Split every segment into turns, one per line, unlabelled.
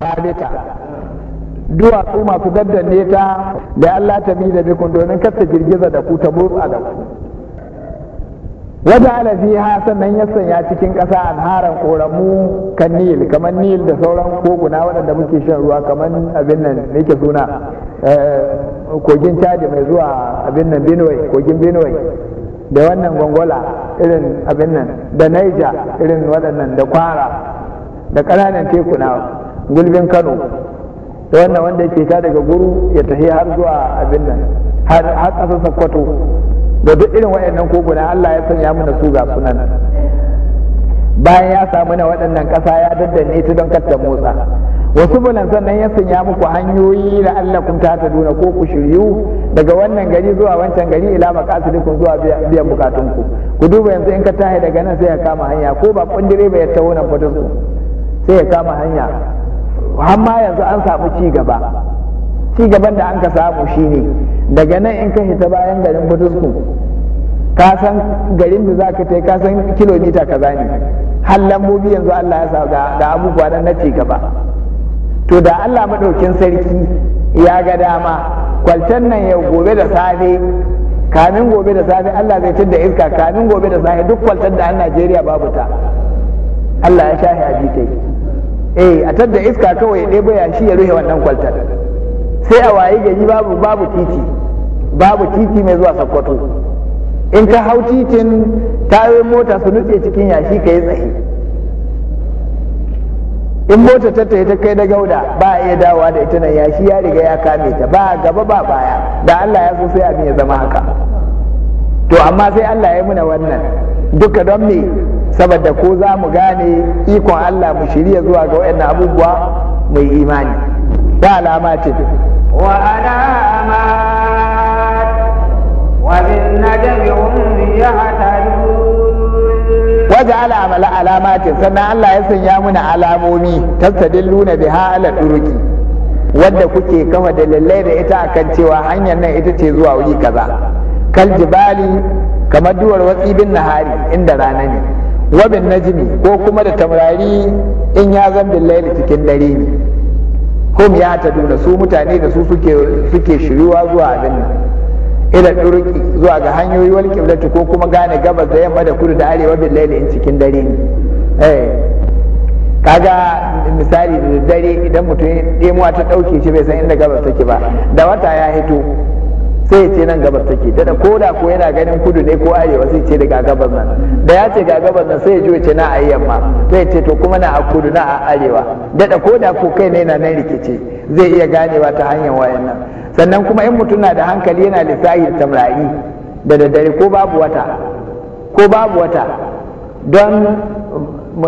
sabita duwatsu masu ne ta da Allah ta bi da bikun domin kasta girgiza da ku ta buru da ku wajen alafi ha sannan ya sanya cikin ƙasa anharan ƙoramu kan nil kamar nil da sauran koguna waɗanda muke shan ruwa kamar abin nan yake suna eh, kogin caji mai zuwa abin nan benue kogin benue da wannan gongola irin abin nan da naija irin waɗannan da kwara da ƙananan tekuna gulbin kano da wannan wanda yake ta daga guru ya tafi har zuwa abin nan har ƙasar sakkwato da duk irin waɗannan koguna allah ya sanya mana su ga sunan bayan ya samu na waɗannan ƙasa ya daddane ta don kasta motsa wasu bulan sannan ya sanya muku hanyoyi da Allah kun ta duna ko ku shiryu daga wannan gari zuwa wancan gari ila maqasidikum zuwa biyan bukatunku ku duba yanzu in ka tahi daga nan sai ya kama hanya ko ba kundire direba ya tawo nan sai ya kama hanya amma yanzu an samu ci gaba ci gaban da an ka samu shine daga nan in ka hita bayan garin butusku ka san garin da za ka tai ka san kilomita kaza ne har lambobi yanzu Allah ya sa da abubuwa nan na ci gaba to da Allah maɗaukin sarki ya ga dama kwaltan nan yau gobe da safe kamin gobe da safe Allah zai da iska kamin gobe da safe duk kwaltar da an Najeriya babu ta Allah ya shahi a jitai eh a tadda iska kawai ɗaya baya shi ya rufe wannan kwaltar sai a waye gari babu babu titi babu titi mai zuwa sakkwato in ka hau titin tayoyin mota su nutse cikin yashi ka yi tsaye in mota ta ta kai da gauda ba a iya dawowa da ita nan yashi ya riga ya kame ta ba gaba ba baya da Allah ya so sai abin ya zama haka to amma sai Allah ya yi muna wannan duka don me saboda ko za mu gane ikon Allah mu shirya zuwa ga waɗannan abubuwa mai imani da ce
wa alama wa bin
sannan Allah ya sanya muna alamomi luna bi ala turuki wanda kuke kama da lallai da ita akan cewa hanyar nan ita ce zuwa wuri kaza Kaljibali, kamar duwar watsi bin nahari inda rana ne Wabin na jini ko kuma da tamrari in ya zan laili cikin dare ne hum ya duna su mutane da su suke shiriwa zuwa abin nan ila turki zuwa ga hanyoyi wal ko kuma gane gabas da yamma da kudu da arewa bil laili in cikin dare ne eh kaga misali da dare idan mutum ɗemuwa ta ɗauke shi bai san inda gabas take ba da wata ya hito sai ce nan gabas take dada ko da ko yana ganin kudu ne ko arewa sai ce daga gabas nan da ya ce ga gabas nan sai ya ji ce na a yamma sai ce to kuma na a kudu na a arewa dada ko da ko kai ne na nan rikice zai iya ganewa ta hanyar wayan nan sannan kuma in mutum na da hankali yana lissahin tamra'i da daddare ko babu wata ko babu wata don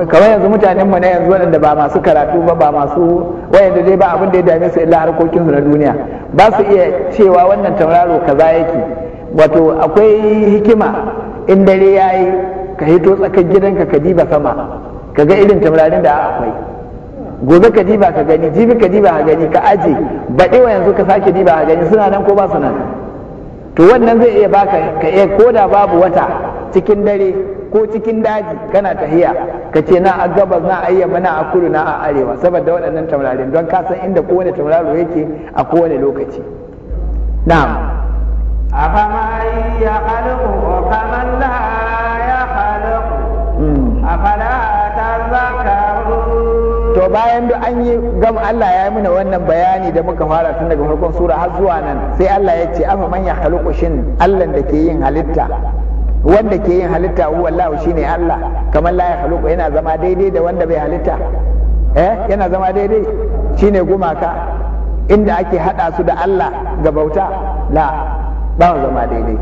kamar yanzu mutanen mu na yanzu waɗanda ba masu karatu ba ba masu wayanda dai ba abin da ya dame su illa harkokin su na duniya ba su iya cewa wannan tauraro kaza yake wato akwai hikima in dare yayi ka hito tsakar gidanka ka diba sama ka ga irin taurarin da akwai gobe ka diba ka gani jibi ka diba ka gani ka aje baɗewa yanzu ka sake diba ka gani suna nan ko ba su nan to wannan zai iya baka ka iya koda babu wata cikin dare ko cikin daji kana tahiya ka ce na a gabas na a na a kudu na a arewa saboda waɗannan taurarin don ka san inda kowane tauraro yake a kowane lokaci na'am
أفمن يخلق كمن لا يخلق
hmm. to bayan duk an yi gam Allah ya yi mana wannan bayani da muka fara tun daga farkon sura har zuwa nan sai Allah ya ce afa man ya shin Allah da ke yin halitta wanda ke yin halitta huwa Allah ne Allah kamar la halu, yana zama daidai da wanda bai halitta eh yana zama daidai shi ne gumaka inda ake hada su da Allah ga bauta la ba zama daidai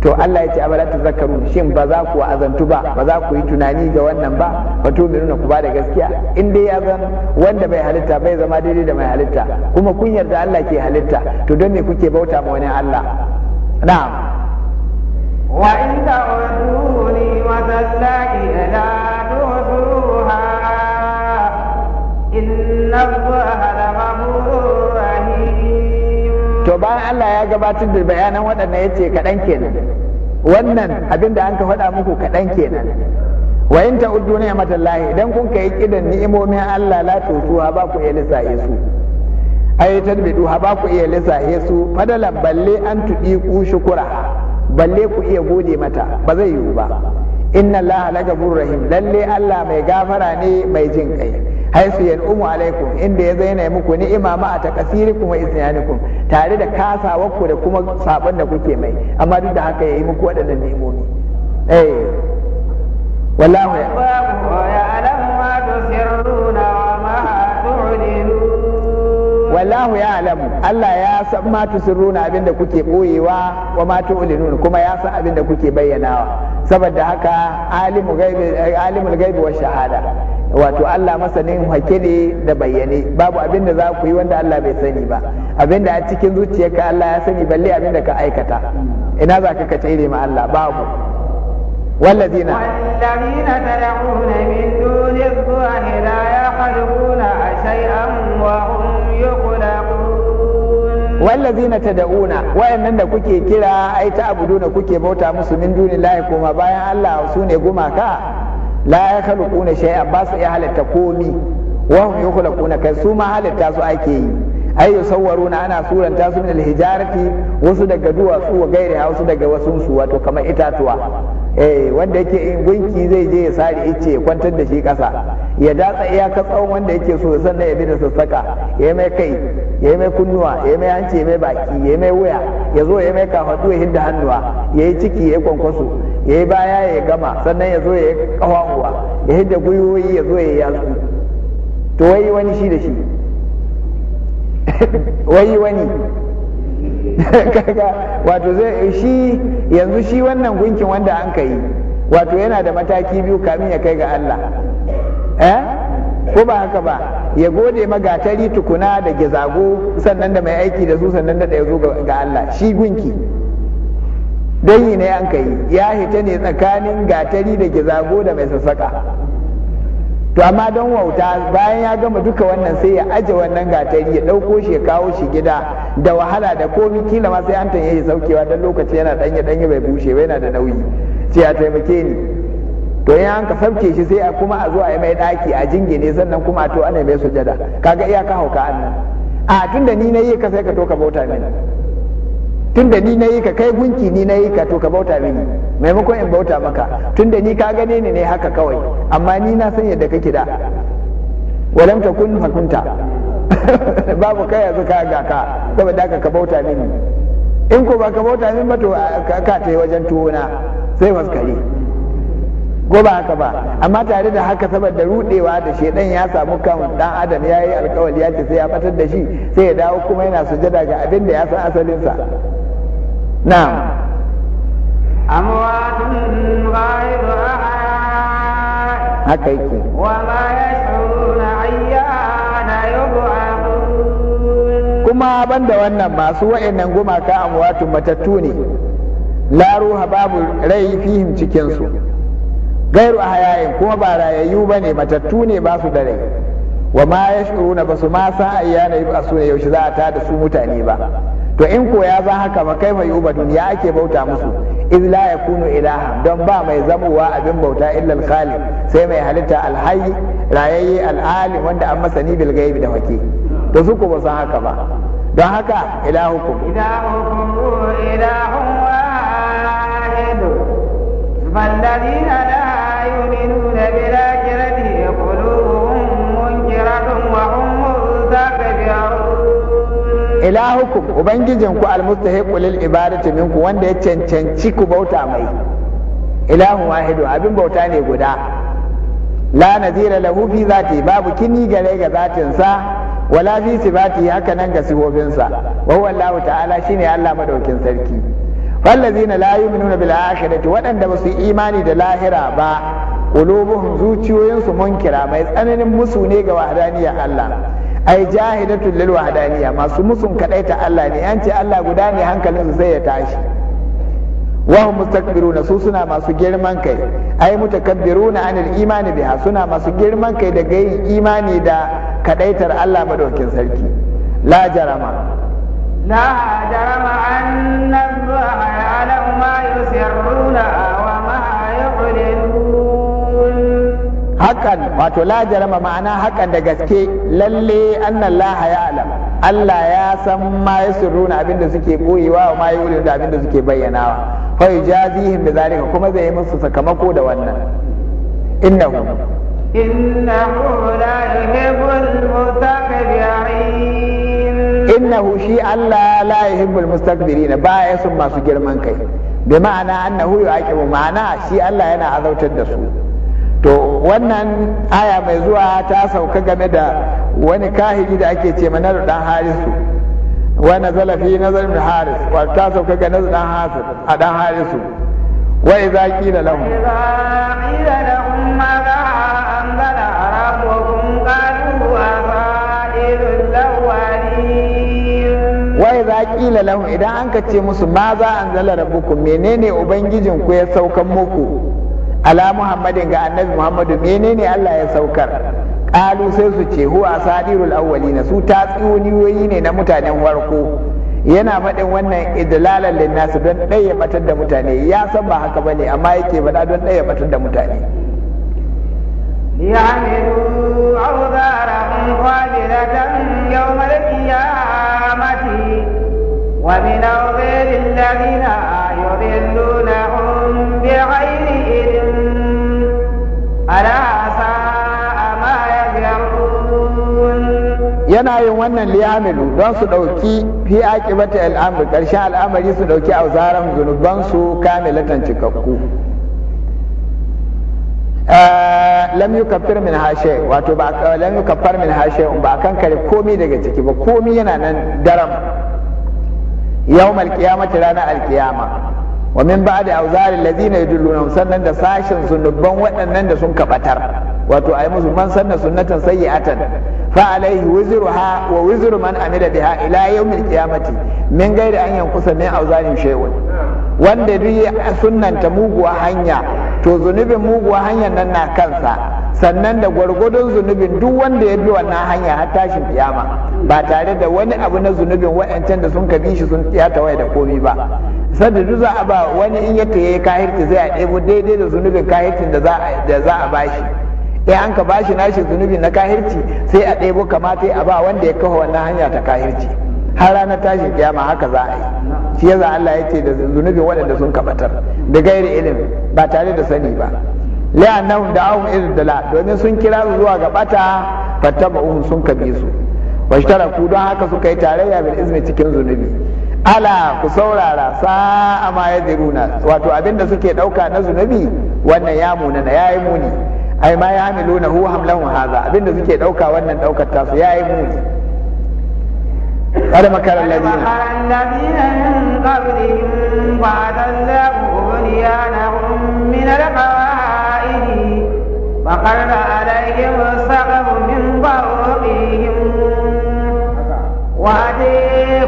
to Allah ya ce abala zakaru shin ba za ku azantu ba ba za ku yi tunani ga wannan ba ba to nuna ku ba da gaskiya in dai ya zan wanda bai halitta bai zama daidai da mai halitta kuma kun yarda Allah ke halitta to don ne kuke bauta ma wani Allah na'am
To bayan Allah
ya gabatar da bayanan waɗannan ya ce kaɗan kenan, wannan abin da an ka faɗa muku kaɗan kenan. Wa in ta'uddu ni'matallahi idan kun kai kidan ni'imomin Allah la tutuwa ba ku iya lissaye su. Ai tarbidu ha ba ku iya lissaye su fadalan balle an tuɗi ku shukura balle ku iya gode mata ba zai yiwu ba inna allaha la rahim lalle allah mai gafara ne mai jin kai haisu umu alaikum inda ya zaina muku ni'ima ma a takasirikum wa isyanikum tare da kasawarku da kuma sabon da kuke mai amma duk da haka yayi muku wadannan ni'imomi eh wallahu ya
alam ma tusirruna
wallahu ya alamu Allah ya san ma tusirruna abinda kuke boyewa wa ma tu'linun kuma ya san abinda kuke bayyanawa saboda haka alimu gaibi alimul gaibi wa shahada wato Allah masanin hake ne da bayyane babu abinda za ku yi wanda Allah bai sani ba abinda a cikin zuciyarka Allah ya sani balle abinda ka aikata ina za ka kace ma Allah babu والذين
والذين تدعون من دون الله لا يخلقون شيئا وهم
wallazina tad'una wayannan da kuke kira ai ta na kuke bauta musu min dunillahi kuma bayan Allah su ne gumaka la ya kalu shay'an ba su iya halatta komi wa hum yukhlaquna kai su ma halatta su ake yi ai na ana suranta su min alhijarati wasu daga duwatsu wa gairi wasu daga wasun su wato kamar itatuwa eh wanda yake gunki zai je ya sare ice kwantar da shi kasa ya datsa iyaka tsawon wanda yake so sannan ya bi da sassaka ya mai kai ya mai kunnuwa ya mai hanci ya mai baki ya mai wuya ya zo ya mai kafadu ya hinda hannuwa ya yi ciki ya yi kwankwaso ya yi baya ya gama sannan ya zo ya yi kawawa ya hinda gwiwoyi ya zo ya yi yatsu to wai wani shi da shi wai wani wato zai shi yanzu shi wannan gunkin wanda an ka yi wato yana da mataki biyu kamin ya kai ga Allah eh ko ba haka ba ya gode magatari tukuna da gizago sannan da mai aiki da su sannan da ya ga Allah shi gunki danyi ne an kai ya hita ne tsakanin gatari da gizago da mai sassaka to amma don wauta bayan ya gama duka wannan sai ya aje wannan gatari ya ɗauko shi ya kawo shi gida da wahala da komi kila ma sai an tanye shi saukewa dan lokaci yana danye danye bai bushe ba yana da nauyi sai ya taimake ni to in an ka shi sai kuma a zo a yi mai daki a jingine sannan kuma a to ana mai sujada kaga iya ka hauka annan a tunda ni na yi ka sai ka to ka bauta mini tunda ni na yi ka kai gunki ni na yi ka to ka bauta mini maimakon in bauta maka tunda ni ka gane ni ne haka kawai amma ni na san yadda kake da walam takun fakunta babu kai yanzu ka ga ka saboda haka ka bauta mini in ko ba ka bauta mini ba to ka ta yi wajen tuwo na sai maskari. ko ba haka ba amma tare da haka saboda rudewa da shedan ya samu kan dan adam ya yi alkawari ya ce sai ya batar da shi sai ya dawo kuma yana sujada ga abin da ya san asalinsa na'am
amwatun ghairu haka yake wa ma yash'uruna ayyana yub'athun
kuma banda wannan masu wayannan gumaka amwatun matattu ne la ruha babu rai fihim cikin su gairu a hayayin kuma ba rayayyu ba ne matattu ne ba su da rai wa ma ya shuru ba su a san ayyana yi su ne yaushe za a tada su mutane ba to in koya ya haka ba kai mai uba duniya ake bauta musu iz la don ba mai zamowa abin bauta illal khaliq sai mai halitta alhayy rayayye alalim wanda an masani bil da wake to su ko ba san haka ba don haka ilahukum
ilahukum ilahuku
ubangijinku da Kudu, mumun girafin wanda ya cancanci ku bauta mai. Ila wahidu abin bauta ne guda. La Nizira, Labubi za ta yi babu kin gare ga zatinsa. Walafisu za ta haka nan ga tsawobinsa. Wai, wanne wata ala shine Allah madaukin sarki? Fala Zina, layu min nuna biyar a waɗanda ba yi imani da lahira ba. qulubuhum zuciyoyinsu munkira mai tsananin musu ne ga wahdaniyya Allah ai jahidatul lil wahadaniya, masu musun kadaita Allah ne an ce Allah guda ne hankalinsu sai ya tashi wa hum mustakbiruna su suna masu girman kai ai mutakabbiruna anil imani biha suna masu girman kai daga yin imani da kadaitar Allah madaukin sarki la jarama la jarama
annallaha ala ma yusirruna
hakan wato la jarama ma'ana hakan da gaske lalle annallaha ya alam Allah ya san ma yasruna abinda suke koyewa wa ma yuri da abinda suke bayyanawa fa yujazihim bi zalika kuma zai yi musu sakamako da wannan innahu
innahu la yuhibbul mutakabbirin
innahu shi Allah la yuhibbul mustakbirin ba ya son masu girman kai bi ma'ana annahu yu'aqibu ma'ana shi Allah yana azautar da su to wannan aya mai zuwa ta sauka game da wani kahiri da ake ce manar dan harisu wa nazala fi nazar min haris wa ta sauka ga nazar dan haris a dan harisu wa idza qila lahum qila
lahum ma za anzala rabbukum qalu asairul
lawalin wa idza qila lahum idan an ka ce musu ma za anzala rabbukum menene ubangijinku ya saukan muku ala muhammadin ga annabi muhammadu menene Allah ya saukar ƙalu sai su ce huwa sadirul awwalina su tatsuniyoyi ne na mutanen warko yana faɗin wannan idlalan linnasu don daya batar da mutane ya san ba haka bane amma yake bada don daya batar da mutane
ليعملوا أوزارهم قابلة
yana yin wannan liyamilu don su dauki fi aqibati al'amur karshen al'amari su dauki zaren zunuban su kamilatan cikakku lam yukaffir min hashe wato ba lam yukaffar min hashe ba kan kare komi daga ciki ba komi yana nan daram Malkiya qiyamati ranar alkiyama. wa min ba'di awzari allazina yadulluna sannan da sashin sunubban waɗannan da sun kabatar wato ayi musu man sanna sunnatan sayyi'atan fa alaihi wa wizru man amila biha ila yawmil qiyamati min gairi an yankusa min awzari shay'un wanda duk sunnanta muguwa hanya to zunubin muguwa hanyar nan na kansa sannan da gwargwadon zunubin duk wanda ya bi wannan hanya har tashin kiyama ba tare da wani abu na zunubin wa'ancan da sun kabi shi sun ya tawaye da komi ba sanda duk za a ba wani in yake yayi kahirci zai a ɗebo daidai da zunubin kahircin da za a bashi eh an ka bashi nashi zunubi na kahirci sai a ɗebo kamata a ba wanda ya kawo wannan hanya ta kahirci har ranar tashin kiyama haka za a yi shi yasa Allah ya ce da zunubin waɗanda sun kabatar da gairi ilimi ba tare da sani ba la'annahum da'awum ila dalal domin sun kira su zuwa ga bata fatabu sun kabe su washtaraku don haka suka yi tarayya bil izmi cikin zunubi ala ku saurara sa'a ma ya diruna wato abinda suke ɗauka na zunubi wannan ya munana ya yi muni ai ma ya miluna hu hamlahun haza abinda suke ɗauka wannan ɗaukar tasu ya yi muni قد مكر الذين
من قبلهم وعد الله بنيانهم من القواعد وقرب عليهم السقف من فوقهم وأتيهم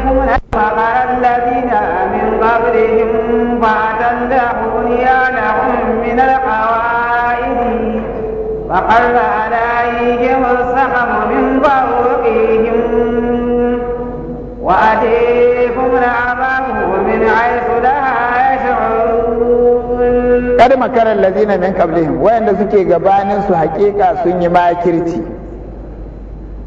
يعلمون وقال الذين من قبلهم فأتلاه بنيانهم من القواعد فقل عليهم السحر من فوقهم
وأتيهم
العذاب من حيث لا يشعرون
قد مكر الذين من قبلهم وين سكي غبانين سو حقيقة سني ما كرتي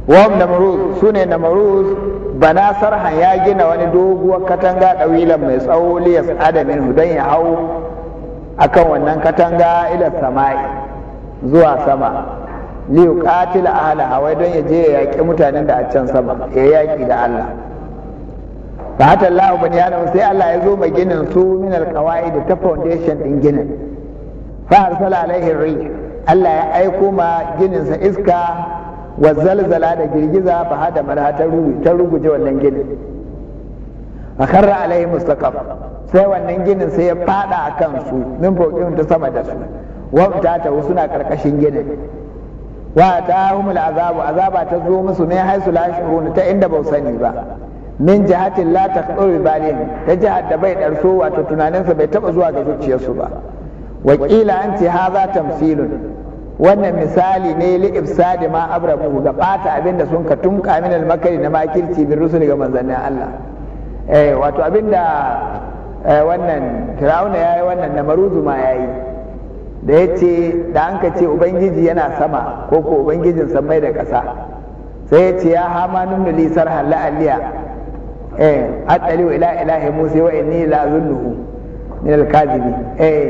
wam namruz sune namruz bana sarhan ya gina wani doguwar katanga ɗawilan mai tsawo liyas adamin don ya hau akan wannan katanga ila sama'i zuwa sama liyu qatil ahla hawai don ya je ya yaƙi mutanen da a can sama ya yaƙi da Allah fa bani Allah bunyana sai Allah ya zo mai ginin su min alqawaid ta foundation din ginin fa arsala alaihi Allah ya aiko ma ginin sa iska wa zalzala da girgiza fa hada marha ta ta ruguje wannan ginin a karra alaihi sai wannan ginin sai ya fada a su, min fauqihum ta sama da su wa ta ta suna karkashin ginin wa ta humul azabu azaba ta zo musu ne haisu la shurun ta inda ba sani ba min jihatin la taqduru balin ta jihar da bai darso wato tunaninsa bai taba zuwa ga zuciyarsu ba wakila an ce haza tamsilun wannan misali ne li ifsadi ma abramu ga bata abinda sun ka tunka min al makari na makirci bin rusul ga manzannin Allah eh wato abinda eh, wannan Firauna yayi wannan maruzu ma yayi da yace da an ka ubangiji yana sama ko ko ubangijin samai da kasa sai ya ce ya hamanun da lisar halla aliya eh atali ila ilahi musa wa inni la zunnuhu min al kadhibi eh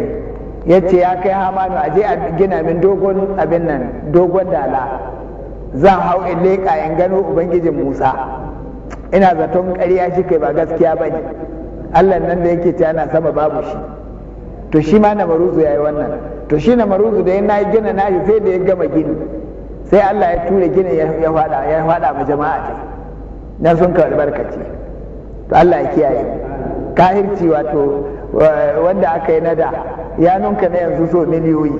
ya ce ya kai hamanu a je a gina min dogon abin nan dogon dala zan hau in leƙa in gano ubangijin musa ina zaton ƙarya shi kai ba gaskiya ba ne allah nan da yake ta yana sama babu shi to shi ma na maruzu ya yi wannan to shi na maruzu da yana gina na sai da ya gama gini sai allah ya tura gini ya hada ya hada ma jama'a ce nan sun karbar to allah ya kiyaye kahirci wato wanda aka yi nada ya nunka na yanzu so miliyoyi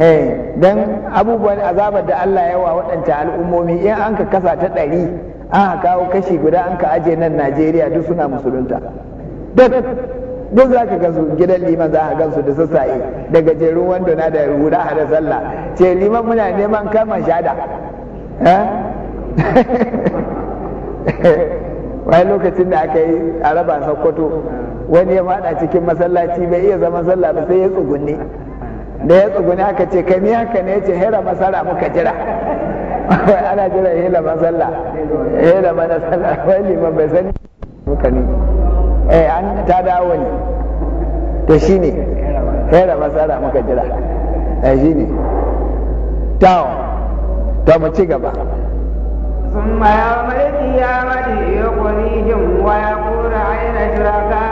eh dan abubuwan azabar da Allah yawa waɗanta al'ummomi in an ka kasa ta ɗari an kawo kashi guda an ka aje nan Najeriya duk suna musulunta duk za ka gansu gidan liman za a gansu da sassaye da gajerun wando na da ruda a da sallah ce liman muna neman kama shada eh? wani lokacin da aka yi a raba sakkwato wani ya fada cikin masallaci bai iya zama sallah ba sai ya tsugunni da ya tsugunni aka ce kai haka ne ya ce hera masara muka jira ana jira hela masalla hela masalla, wani wai bai sani muka ni eh an ta dawo ne to shine hera masara muka jira eh shine ta to mu ci gaba Sun
mayau mulkiya mace ya kuli yin waya ko na aina ta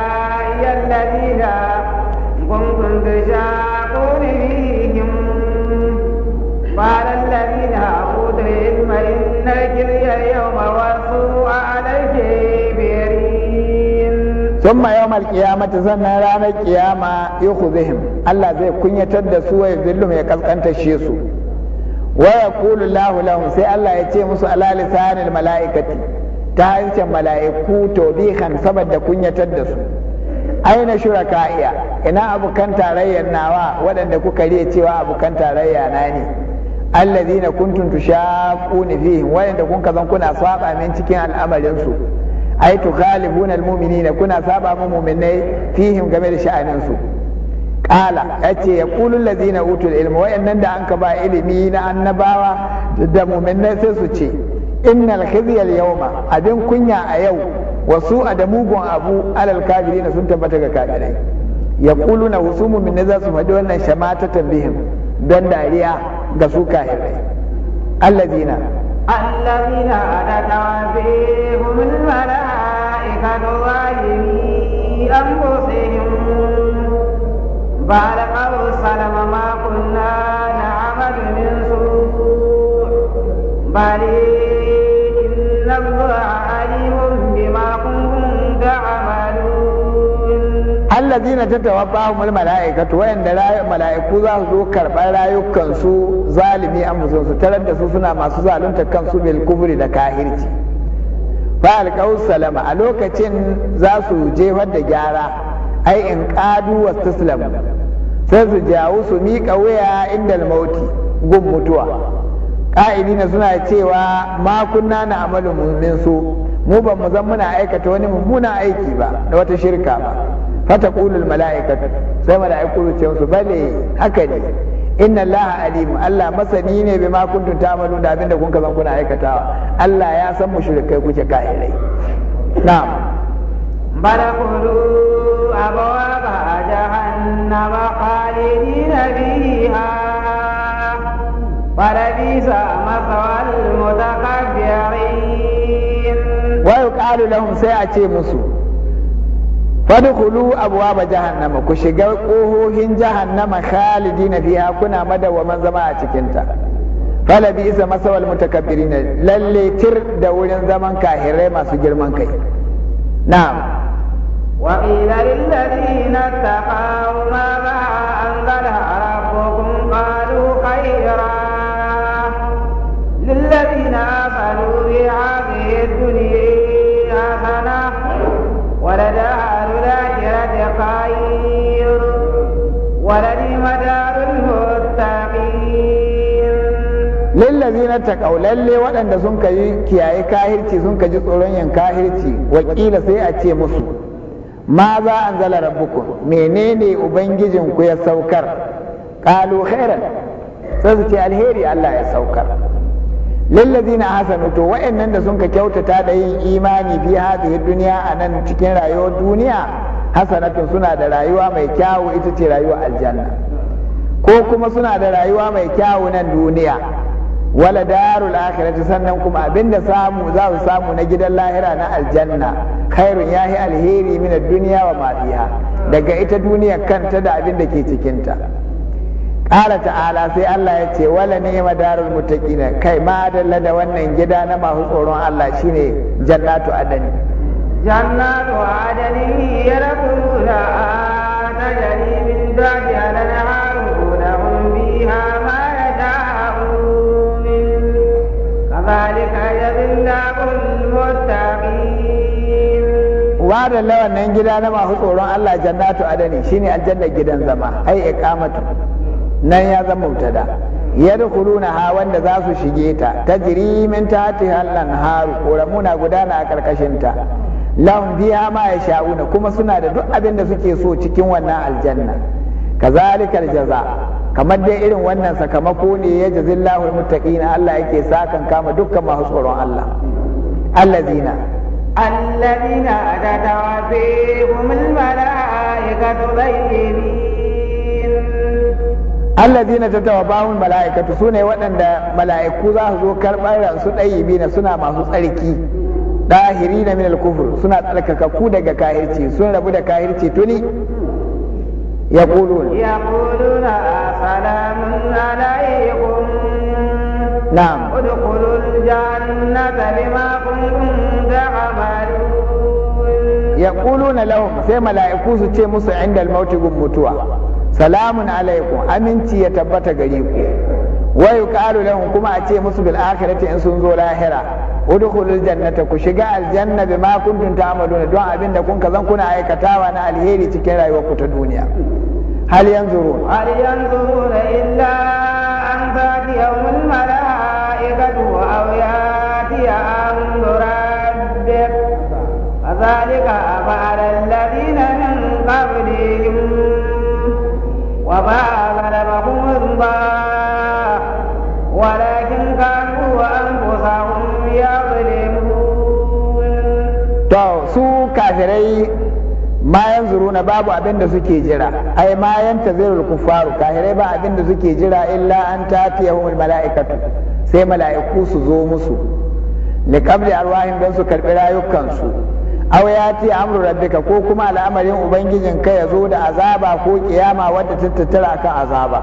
yi yau ma wasu a alargen
berin. sannan ranar kiyama ihu-zahim, Allah zai kunyatar da Suwaiba Illu mai kankanta shi su. wa yaqulu Allahu lahum sai Allah ya ce musu ala lisanil malaikati ta harshen mala'iku tobihan saboda kunyatar da su aina shuraka'iya ina abokan tarayyar nawa waɗanda kuka riya cewa abokan tarayya na ne allazina kuntum tushaquna fihim waɗanda kuka kazan kuna saba min cikin al'amarin su ai tukhalifuna almu'minina kuna saba mu mu'minai fihim game da sha'anin su ƙala ya ce ya ƙulun lazina utul ilmi wayannan da an ka ba ilimi na annabawa da muminai sai su ce innal khizyal yawma abin kunya a yau wasu a da mugun abu alal kafirin sun tabbata ga kafirai ya na wasu muminai za su faɗi wannan shamata tambihin don dariya ga su kafirai allazina
allazina anata fihim mala'ikatu Ba da alƙawarsa da makonna na amma min su, bane in na buga aliyun
ne zo karɓar rayukansu zalimi an musulunci, ta ran da su, suna masu zalunta kansu bil kufuri da kahirci. Ba alƙawar Salama a lokacin za su jefar da gyara. ai in qadu wastaslam sai su jawo su miƙa wuya inda mauti gun mutuwa na suna cewa ma kunna na amalu min su mu ba mu zan muna aikata wani mummunan aiki ba da wata shirka ba fata kulul mala'ika sai mala'iku su ce su bale haka ne inna allaha alim allah masani ne bi ma kuntum ta'malu da abinda kun zan kuna aikatawa allah ya san mushrikai kuke kafirai na'am
barakulu أبواب جهنم خالدين فيها ولبئس مثوى المتكبرين
a لهم سيأتي مسلم fadkhulu abwaaba jahannama ku shiga kohohin jahannama khalidina fiha kuna madawaman zama a cikin ta fala bi isa masawal mutakabbirin lalle tir da wurin zaman kahirai masu girman kai na'am
Waɗila zinarta ta ƙawar Raba'a an gada a raƙoƙin ƙadu haihara, lallai na faruwar haɗiye-tuniyoyi na hana, waɗanda a duk da
ke da waɗanda sun kaji kiyaye kahirci sun kaji tsoron yin kahirci, waƙila sai a ce musu ma za an zala rabbukum menene ubangijinku ya saukar Kalu khairan sai su ce alheri Allah ya saukar na hasanu to wa'annan da sun ka kyautata da yin imani fi duniya a nan cikin rayuwar duniya hasanatun suna da rayuwa mai kyawu ita ce rayuwa aljanna ko kuma suna da rayuwa mai kyawu nan duniya wala darul akhirati sannan kuma abinda samu za su samu na gidan lahira na aljanna khairun yahi alheri min ad-dunya wa ma fiha daga ita duniya kanta da abinda ke cikin ta qala ta'ala sai Allah ya ce wala ni'ma darul muttaqina kai ma dalla da wannan gida na masu tsoron Allah shine jannatu adani
jannatu adani yarquna tajri min tahtiha al-anhar
da lawannan gida na masu tsoron Allah jannatu adani shine aljannar gidan zama ai iqamatu nan ya zama mubtada yadkhuluna ha wanda za su shige ta tajri min tahtiha hallan haru, ƙoramuna gudana a karkashin ta lahum biha ma sha'una kuma suna da duk abin da suke so cikin wannan aljanna kazalikal jaza kamar dai irin wannan sakamako ne ya jazillahu almuttaqina Allah yake sakan kama dukkan masu tsoron Allah allazina
الذين تتوفيهم الملائكة طيبين
الذين تتوفاهم الملائكة سنة waɗanda mala'iku za su zo karɓar ransu ɗayyibina suna masu tsarki dahiri na minal kufur suna tsarkaka ku daga kahirci sun rabu da kahirci tuni ya kulun
ya alaikum jannata bima
yaquluna lahum sai mala'iku su ce musu inda mauti gun mutuwa salamun alaikum aminci ya tabbata gare ku wa yuqalu lahum kuma a ce musu bil akhirati in sun zo lahira udkhulul jannata ku shiga aljanna bima kuntum ta'maluna don abin da kun kazan kuna aikatawa na alheri cikin rayuwar ku ta duniya hal yanzuru
hal yanzuru illa an ta'tiyahum yawmul mala'ikatu aw yati amru كذلك فعل الذين من قبلهم وما غلبهم الله ولكن كانوا أنفسهم يظلمون
تو سو كافري ma yanzuruna babu abin da suke jira ai ma yantazirul kuffaru kafirai ba abin da suke jira illa an tatiyahumul mala'ikatu sai mala'iku su zo musu liqabli arwahin don su karɓi rayukansu aw ya amru rabbika ko kuma al'amarin ubangijin ka ya zo da azaba ko kiyama wadda ta tattara kan azaba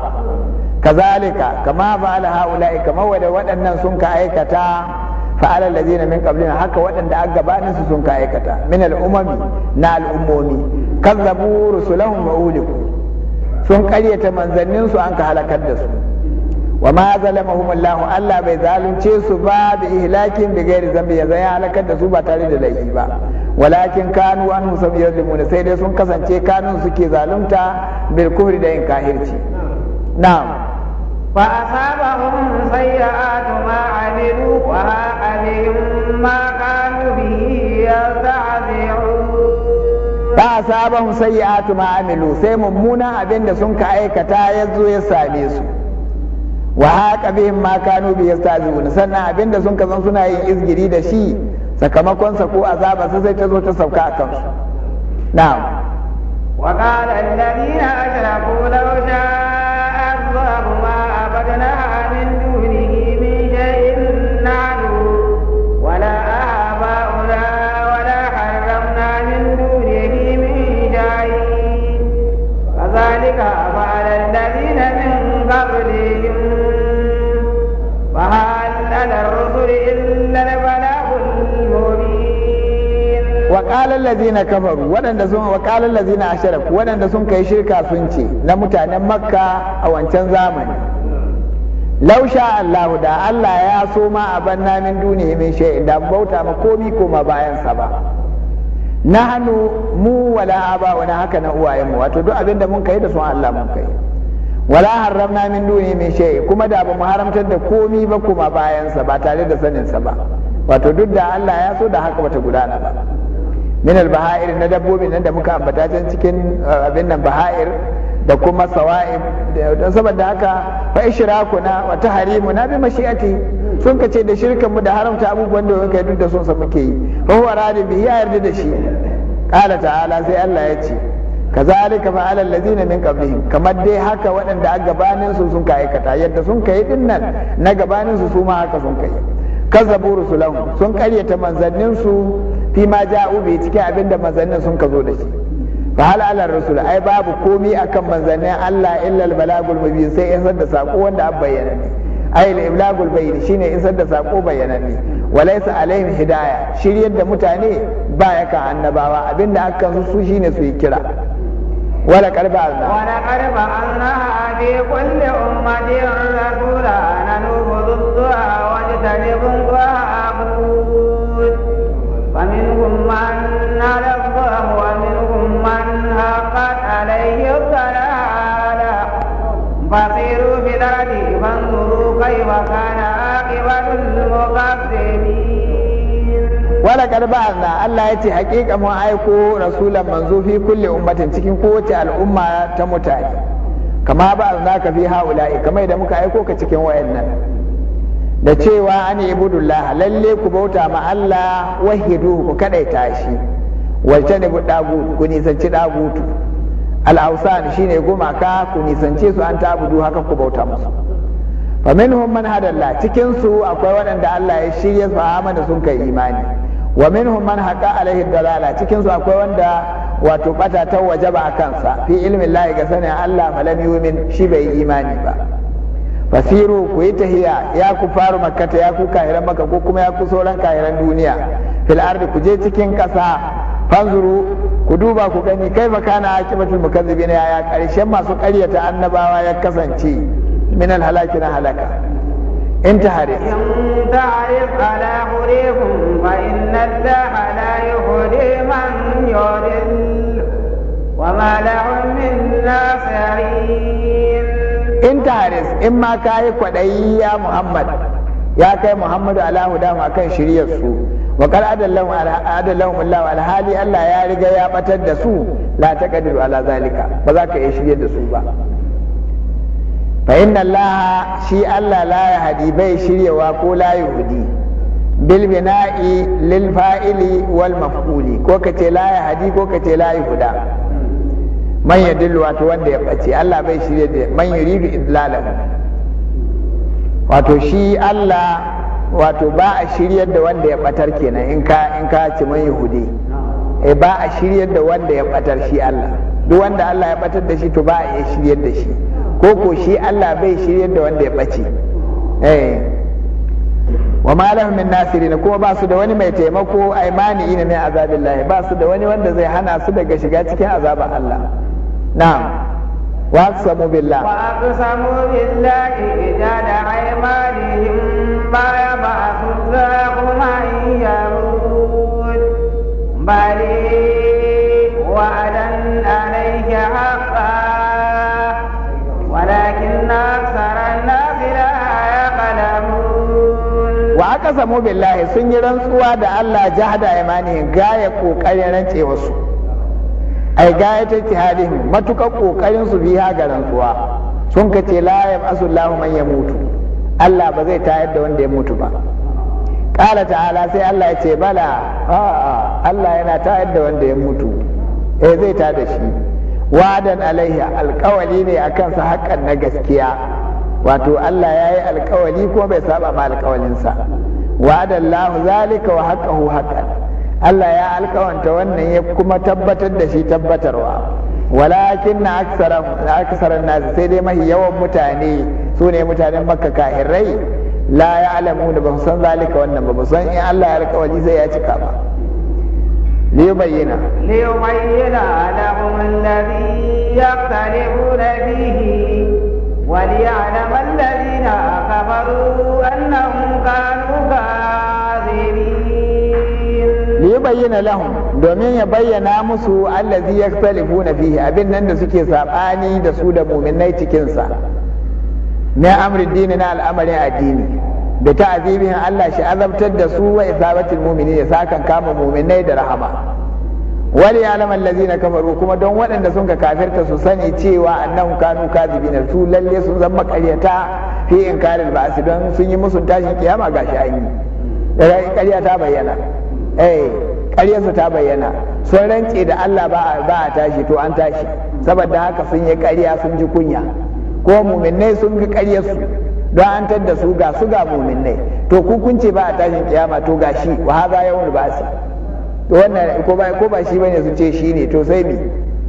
kazalika kama fa'ala haula'i kama wada waɗannan sun ka aikata fa'ala allazina min qablina haka waɗanda a gabanin su sun ka aikata min al'umami na al'ummomi kazzabu rusulahum wa uliku sun karyata manzannin su an ka halakar da su wa ma zalamahum Allah Allah bai zalunce su ba da ihlakin da gairi zambi ya zai halakar da su ba tare da laifi ba walakin kanu an musam sabiyul sai dai sun kasance kanun suke zalunta bil kufri da yin kahirci na'am
fa asabahum sayyi'atu ma amilu wa alim ma kanu bihi a
fa asabahum a ma amilu sai mummunan abin da sun ka aikata yazo ya same su wa haka bihim ma kanu bi yastazibun sannan abinda sun kazan suna yin izgiri da shi sakamakon sa ko azaba sai ta zo ta sauka a kansu na'am
wa qala alladhina ashraku law sha'a
waƙalar lazina kafaru waɗanda sun waƙalar lazina asharak waɗanda sun kai shirka sun ce na mutanen makka a wancan zamani lausha allahu da Allah ya so ma a banna min duniya min sha'i, da bauta ma komi koma bayansa ba na hannu mu wala aba wani haka na uwayen mu wato duk abin da mun kai da sun Allah mun kai wala haramna min duni min kuma da ba mu haramtar da komi ba kuma bayansa ba tare da saninsa ba wato duk da Allah ya so da haka bata gudana ba min al-baha'ir na dabbobi nan da muka ambata can cikin uh, abin nan baha'ir da kuma sawa'ib don saboda haka fa na wa na bi mashi'ati sun kace da shirkan mu da haramta abubuwan da muka duk da son sa muke yi fa huwa radi bi ya yarda da shi qala ta'ala sai Allah ya ce kazalika fa alal ladina min qablihim kamar dai haka waɗanda a gabanin su sun aikata yadda sun kai din nan na gabanin su su ma haka sun kai kazzabu rusulahum sun karyata manzannin su fi ma ja ube cikin abin da manzannin sun ka zo da shi fa hal ala rasul ai babu komi akan manzannin Allah illa al balagul mubin sai in da sako wanda an bayyana ne ai al iblagul bayyin shine in da sako ne walaysa alaihim hidaya shiryar da mutane ba ya kan annabawa abinda akan su su shine su yi kira wala karba Allah wala karba Allah
fi kulli ummatin rasula nanu wa Waɗannan suwan wani mummunan
Allah yace ce mu aiko rasulan lan man zofi kulle ummatan cikin kofi al'umma ta mutane, kama al'aani zan kife haula game da muka aiko ka cikin wayannan Da cewa an yi lalle ku bauta ma Allah wani hiddu ku kaɗai tashi. wajtani bu dagu ku nisanci dagutu al-awsan shine gumaka ku nisanci su an tabudu haka ku bauta musu fa minhum man hadalla cikin su akwai waɗanda Allah ya shirye su amana sun kai imani wa minhum man haqa alaihi dalala cikin su akwai wanda wato bata ta wajaba a kansa fi ilmin lahi ga sanin Allah falam yumin shi bai imani ba fasiru ku yi tahiya ya ku faru makkata ya ku kahiran maka ko kuma ya ku sauran kahiran duniya fil ardi ku je cikin ƙasa fanzuru ku duba ku gani kaifa kana aqibatul mukazzibina ya karshen masu ƙaryata annabawa ya kasance min al halaki na halaka in ta'rif
in
ta'rif ala
hurihum fa inna
in ma kai kwadayi ya muhammad ya kai muhammadu ala hudama akan shiryar su wa qad adallahu adallahu Allah alhali Allah ya riga ya batar da su la taqdiru ala zalika ba za ka iya shiryar da su ba fa inna Allah shi Allah la yahdi bai shiryawa ko la yuhdi bil bina'i lil fa'ili wal maf'uli ko kace la yahdi ko kace la yuhda man yadillu wato wanda ya bace Allah bai shirye da man yuridu idlalahu wato shi Allah wato ba a shiryar da wanda ya batar kenan in ka in ka ci man yahudi eh ba a shiryar da wanda ya batar shi Allah duk wanda Allah ya batar da shi to ba a iya shiryar da shi ko ko shi Allah bai shiryar da wanda ya bace eh wa ma lahum min nasirin kuma ba su da wani mai taimako aimani ina min azabillahi ba su da wani wanda zai hana su daga shiga cikin azaban Allah na'am واقسموا بالله
واقسموا بالله جهد ايمانهم ما يبعث الله من يموت بل وعدا عليه حقا ولكن اكثر الناس لا يعلمون
واقسموا بالله سنجرن سوى الله جهد ايمانهم غايه kokarin rantsewa su ai gayatar tihadin matukar kokarin su biya ga rantsuwa sun ka ce layar asullahu ya mutu Allah ba zai tayar da wanda ya mutu ba qala ta'ala sai Allah ya ce bala a'a Allah yana tayar da wanda ya mutu eh zai ta da shi wadan alaihi alkawali ne a kansa haƙƙan na gaskiya wato Allah ya yi alkawali kuma bai saba ma alkawalinsa lahu zalika wa haqqahu haƙƙan. Allah ya alkawanta wannan ya kuma tabbatar da shi tabbatarwa walakin na aksarar nasu sai dai mahi yawan mutane su ne mutanen makka kahirai la ya alamu da ba san zalika wannan ba san in Allah ya alkawali sai ya cika ba ليبين ليبين لهم
الذي يختلفون فيه وليعلم الذي
bayyana lahum domin ya bayyana musu allazi yaktalifuna fihi abin nan da suke sabani da su da mu'minai cikin sa na amrin dini na al'amarin addini da ta'azibin Allah shi azabtar da su wa isabatul mu'mini ya sakan kama mu'minai da rahama wali alam allazina kafaru kuma don waɗanda sun ka kafirta su sani cewa annahu kanu kadibin su lalle sun zama ƙaryata fi inkaril ba'si don sun yi musu tashin kiyama gashi an yi ƙarya ta bayyana eh ƙaryarsa ta bayyana sun rance da Allah ba a tashi to an tashi saboda haka sun yi ƙarya sun ji kunya ko muminai sun ga ƙaryarsu don an tadda su ga su ga muminai to ku kun ce ba a tashin kiyama to ga shi wa haza yawmul ba'si to wannan ko ba ko ba shi bane su ce shi ne to sai mi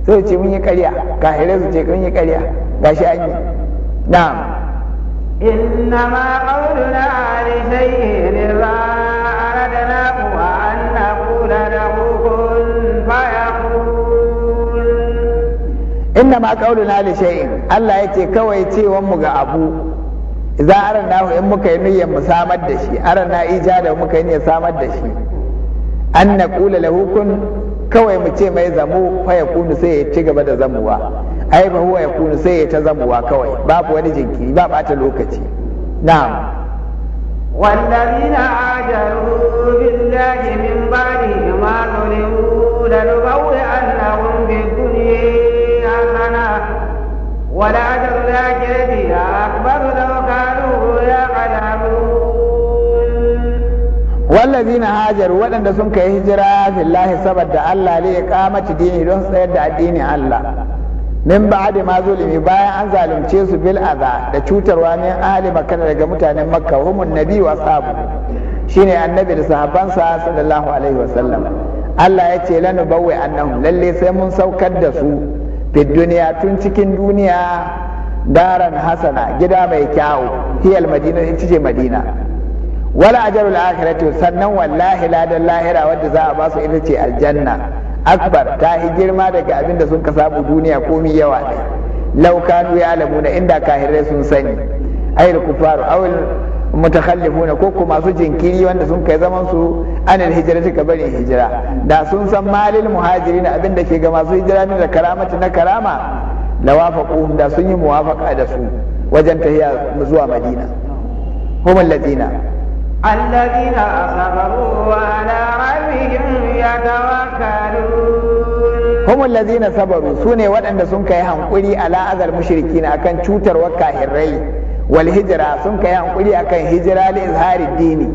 sai ce mun yi ƙarya kahire su ce mun yi ƙarya shi an yi na'am
إنما قولنا لشيء إذا أردنا له كن فيقول
إنما قولنا لشيء الله يتي كويتي ومغا أبو إذا أردنا إن مكيني مسامة دشي أردنا إيجادة ومكيني سامة دشي أن نقول له كن kawai ce mai zamu fa ya kunu sai ya ci gaba da zamuwa ai ba huwa ya kunu sai ya ta zamuwa kawai babu wani jinkiri ba ɓata lokaci na'am
wallazina ajaru billahi min ba'di nurimu da a da
Wallazi na hajaru waɗanda sun kai hijira fillahi saboda Allah ne ya kamaci dini don tsayar da addinin Allah. min ba'adi ma zulumi bayan an zalunce su bil'aza da cutarwa min ahli makka daga mutanen makka hum nabi wa sabu shine annabi da sahabbansa sallallahu alaihi wasallam Allah ya ce lanu bawai annahum lalle sai mun saukar da su fi duniya tun cikin duniya daran hasana gida mai kyau. hiyal madina in ce madina wala ajrul akhirati sannan wallahi la dal lahira wadda za a ba su ita ce aljanna akbar ta yi girma daga abin da sun kasabu duniya komi yawa ne laukanu ya lamuna inda kahirai sun sani ayil kufaru awil mutakhallifuna ko kuma masu jinkiri wanda sun kai zaman su anil hijrati ka bari hijira da sun san malil muhajirin abin da ke ga masu hijira da karamati na karama lawafaquhum da sun yi muwafaqa da su wajen tahiya zuwa madina hum alladina
alladina sabaru wa ala rabbihim yatawakkalun
hum alladina sabaru sune waɗanda sun kai hankuri ala azal mushrikin akan cutarwar kahirai Walhijira sun kai hankuri akan hijira li izhari dini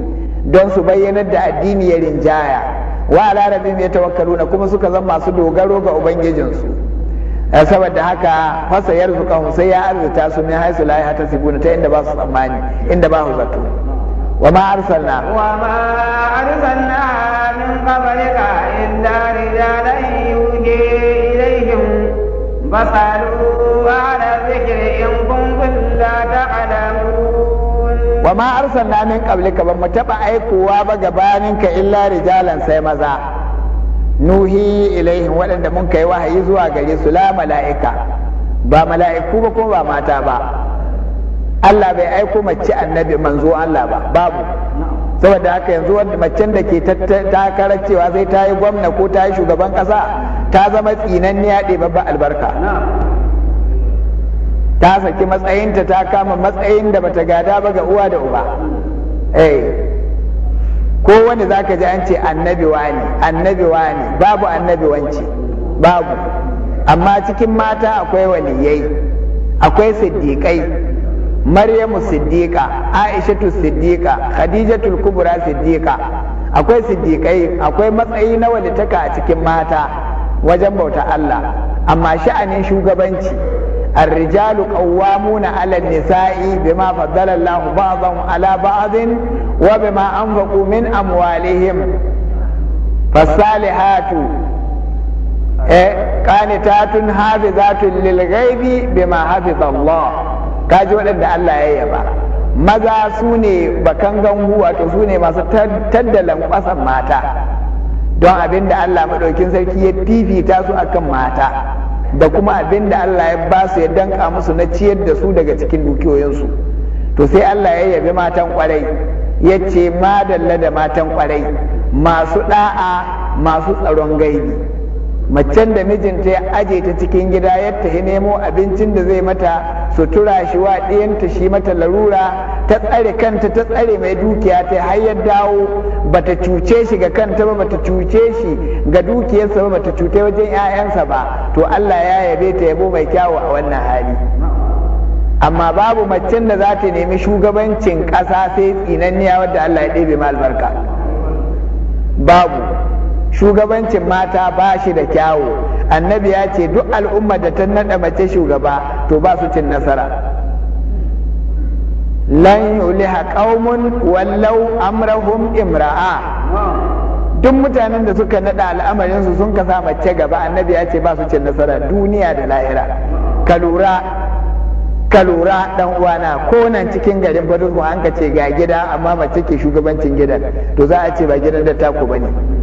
don su bayyanar da addini ya rinjaya wa ala rabbihim yatawakkaluna kuma suka zama masu dogaro ga ubangijinsu eh, saboda haka fasa yarzuqahum sai ya arzuta su min haisu la yahtasibuna ta inda ba su tsammani inda ba zato wa ma arsalna wa
ma arsalna min qablika illa rijalan yuhi
wa ma arsalna min qablika ba mu taba aikowa ba ka illa rijalan sai maza nuhi ilaihim waɗanda mun kai wahayi zuwa gare su la mala'ika ba mala'iku ba kuma ba mata ba Allah bai aiko mace annabi manzo Allah ba babu saboda haka yanzu wanda macen da ke takarar cewa sai ta yi gwamna ko ta yi shugaban ƙasa ta zama tsinanniya babba albarka ta saki matsayinta ta kama matsayin da bata gada ba ga uwa da uba eh ko wanda zaka ji an ce annabi wani annabi wani babu annabi wance babu amma cikin mata akwai waliyai akwai siddiƙai maryamu siddiqa aishatu siddiqa khadijatul kubra siddiqa akwai siddiqai akwai matsayi na walitaka a cikin mata wajen bauta Allah amma sha'anin shugabanci الرجال قوامون على النساء بما فضل الله بعضهم على بعض وبما أنفقوا من أموالهم
فالصالحات
قانتات حافظات للغيب بما حفظ الله كاجي wadanda Allah ya yaba maza su ne bakan gangu wato su ne masu tattalan kwasan mata don abinda da Allah maɗaukin sarki ya fifita su akan mata da kuma abin da Allah ya ba su ya danka musu na ciyar da su daga cikin dukiyoyinsu to sai Allah ya yabi matan kwarai ya ce madalla da matan kwarai masu da'a masu tsaron gaibi macen da mijinta ya aje ta cikin gida yadda ya nemo abincin da zai mata sutura shi wa ɗiyanta shi mata larura ta tsare kanta ta tsare mai dukiya ta har ya dawo bata cuce shi ga kanta ba bata cuce shi ga dukiyarsa ba bata cuce wajen 'ya'yansa ba to Allah ya yabe ta yabo mai kyawu a wannan hali amma babu macen da za ta nemi shugabancin ƙasa sai tsinanniya wadda Allah ya ɗebe ma albarka babu shugabancin mata ba shi da kyawu annabi ya ce duk al'umma da ta naɗa mace shugaba to ba su cin nasara lan yuliha qaumun wallau amrahum imra'a duk mutanen da suka naɗa al'amarinsu sun kasa mace gaba annabi ya ce ba su cin nasara duniya da lahira ka lura ka lura dan uwana ko nan cikin garin Badru an ka ce ga gida amma mace ke shugabancin gidan to za a ce ba gidan da ku bane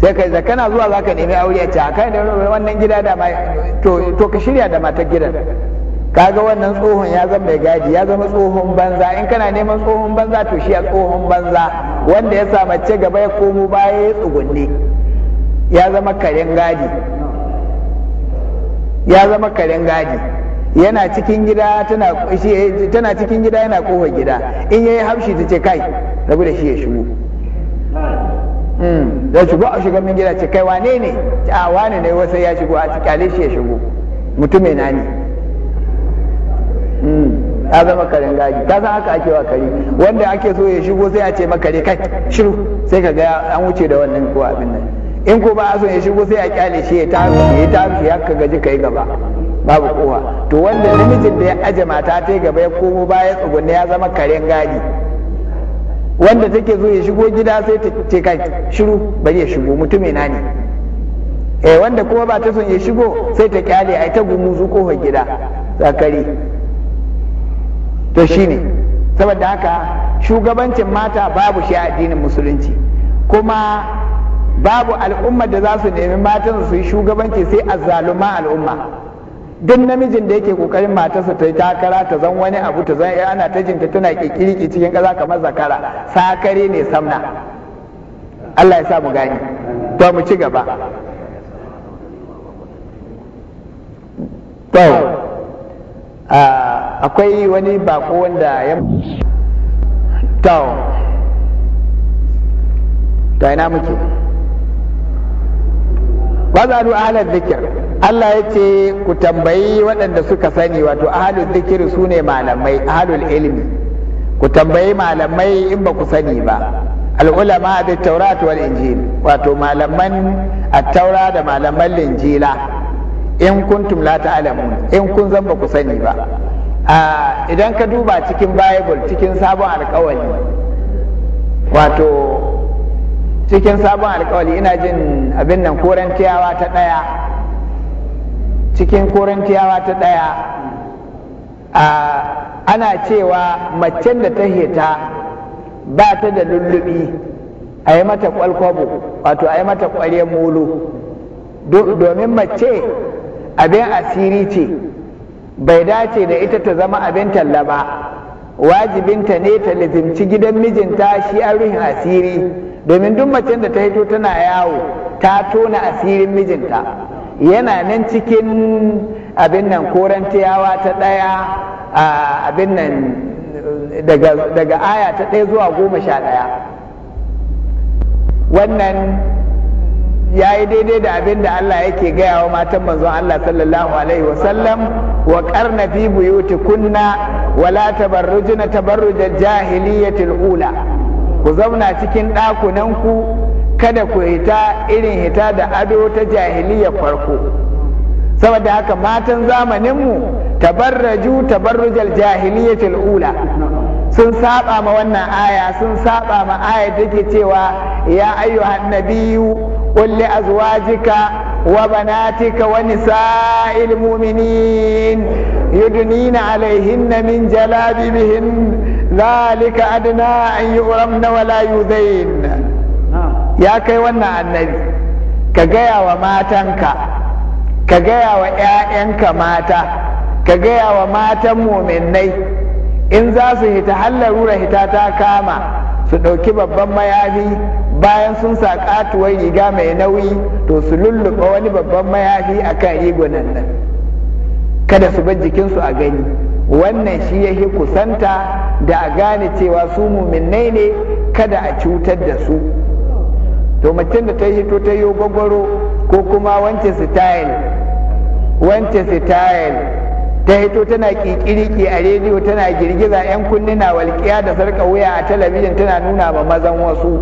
sai ka zaka kana zuwa zaka nemi aure a ce a kai da wannan gida da to to ka shirya da matar gidan kaga wannan tsohon ya zama mai gadi ya zama tsohon banza in kana neman tsohon banza to shi ya tsohon banza wanda ya sa mace gaba ya komo baya ya tsugunne ya zama karen gadi ya zama karen gadi yana cikin gida tana shi tana cikin gida yana kofar gida in yayi haushi tace kai rabu da shi ya shigo Da hmm. shigo a shiga min gida ce kai wane ne a wane ne wasa ya shigo a cikale shi ya shigo mutum na ne ta hmm. zama karen gaji ta san haka ake wa kare wanda ake so ya shigo sai a ce makare kai shiru sai ka ga an wuce da wannan ko abin nan in ko ba a so ya shigo sai a kyale shi ya ta ya tafi ya ka gaji kai gaba babu kowa to wanda namijin da ya aje mata ta gaba ya komo baya tsugunne ya zama karen gaji wanda take zo ya shigo gida sai ta ce kai shiru bari ya shigo mutum ina ne eh wanda kuma ba ta son ya shigo sai ta kyale ai ta gumuzu kofar gida zakari to shine saboda haka shugabancin mata babu shi a addinin musulunci kuma babu al'ummar da za su nemi matan su yi shugabanci sai azzaluma al'umma duk namijin da yake kokarin matarsa ta yi takara ta zan wani abu ta zan eh, ana ta jinta tana kikiriki cikin kaza kamar zakara sakare ne samna Allah ya sa mu gani to mu ci gaba to akwai wani bako wanda ya to to ina muke fazalu ahlal zikir Allah ya ce ku tambayi waɗanda suka sani wato ahlul dhikr su ne malamai ahlul ilmi ku tambayi malamai in ba ku sani ba al'ulama da taurat wal injil wato malaman attaura da malaman linjila in kuntum la ta'lamun in kun zan ba ku sani ba idan ka duba cikin bible cikin sabon alkawari wato cikin sabon alkawali ina jin abin nan korantiyawa ta ɗaya cikin korantiyawa ta ɗaya ana cewa macen da ta heta ba ta da lullubi a yi mata kwalkwabo wato a yi mata ƙwarya molo domin mace abin asiri ce bai dace da ita ta zama abin talla ba wajibinta ne ta lizimci gidan mijinta shi an ruhin asiri domin duk macen da ta hito tana yawo ta tona asirin mijinta yana nan cikin abin nan korantiyawa ta ɗaya abin nan daga aya ta ɗaya zuwa goma sha ɗaya wannan ya yi daidai da abin da Allah yake gaya wa matan manzon Allah sallallahu alaihi wasallam wa karna fi buyuti kunna wala tabarrujuna tabarruja jahiliyatil ula ku zauna cikin ɗakunanku kada ku hita irin hita da ado ta jahiliyar farko saboda haka matan zamaninmu tabarraju tabarrujal jahiliyatil ula sun saba ma wannan aya sun saɓa ma aya take cewa ya ayyuhan nabiyyu qul li azwajika wa banatika wa nisa'il mu'minin yudnina alaihinna min jalabibihin ذلك أدنى أن يغرمن ولا يذين ya kai wannan annabi ka gaya wa matanka ka gaya wa 'ya'yanka mata ka gaya wa matan muminai in za su hita hallarura hita ta kama su ɗauki babban mayafi bayan sun sa katuwar riga mai nauyi to su lulluɓa wani babban mayafi a kan rigunan nan kada su bar jikinsu a gani wannan shi ya fi kusanta da a gane cewa su muminai ne kada a cutar da su to mutum da ta yi to ta yi gwagwaro ko kuma wance style wance ta hito tana kikiriki a rediyo tana girgiza 'yan kunni na walƙiya da sarka wuya a talabijin tana nuna ma mazan wasu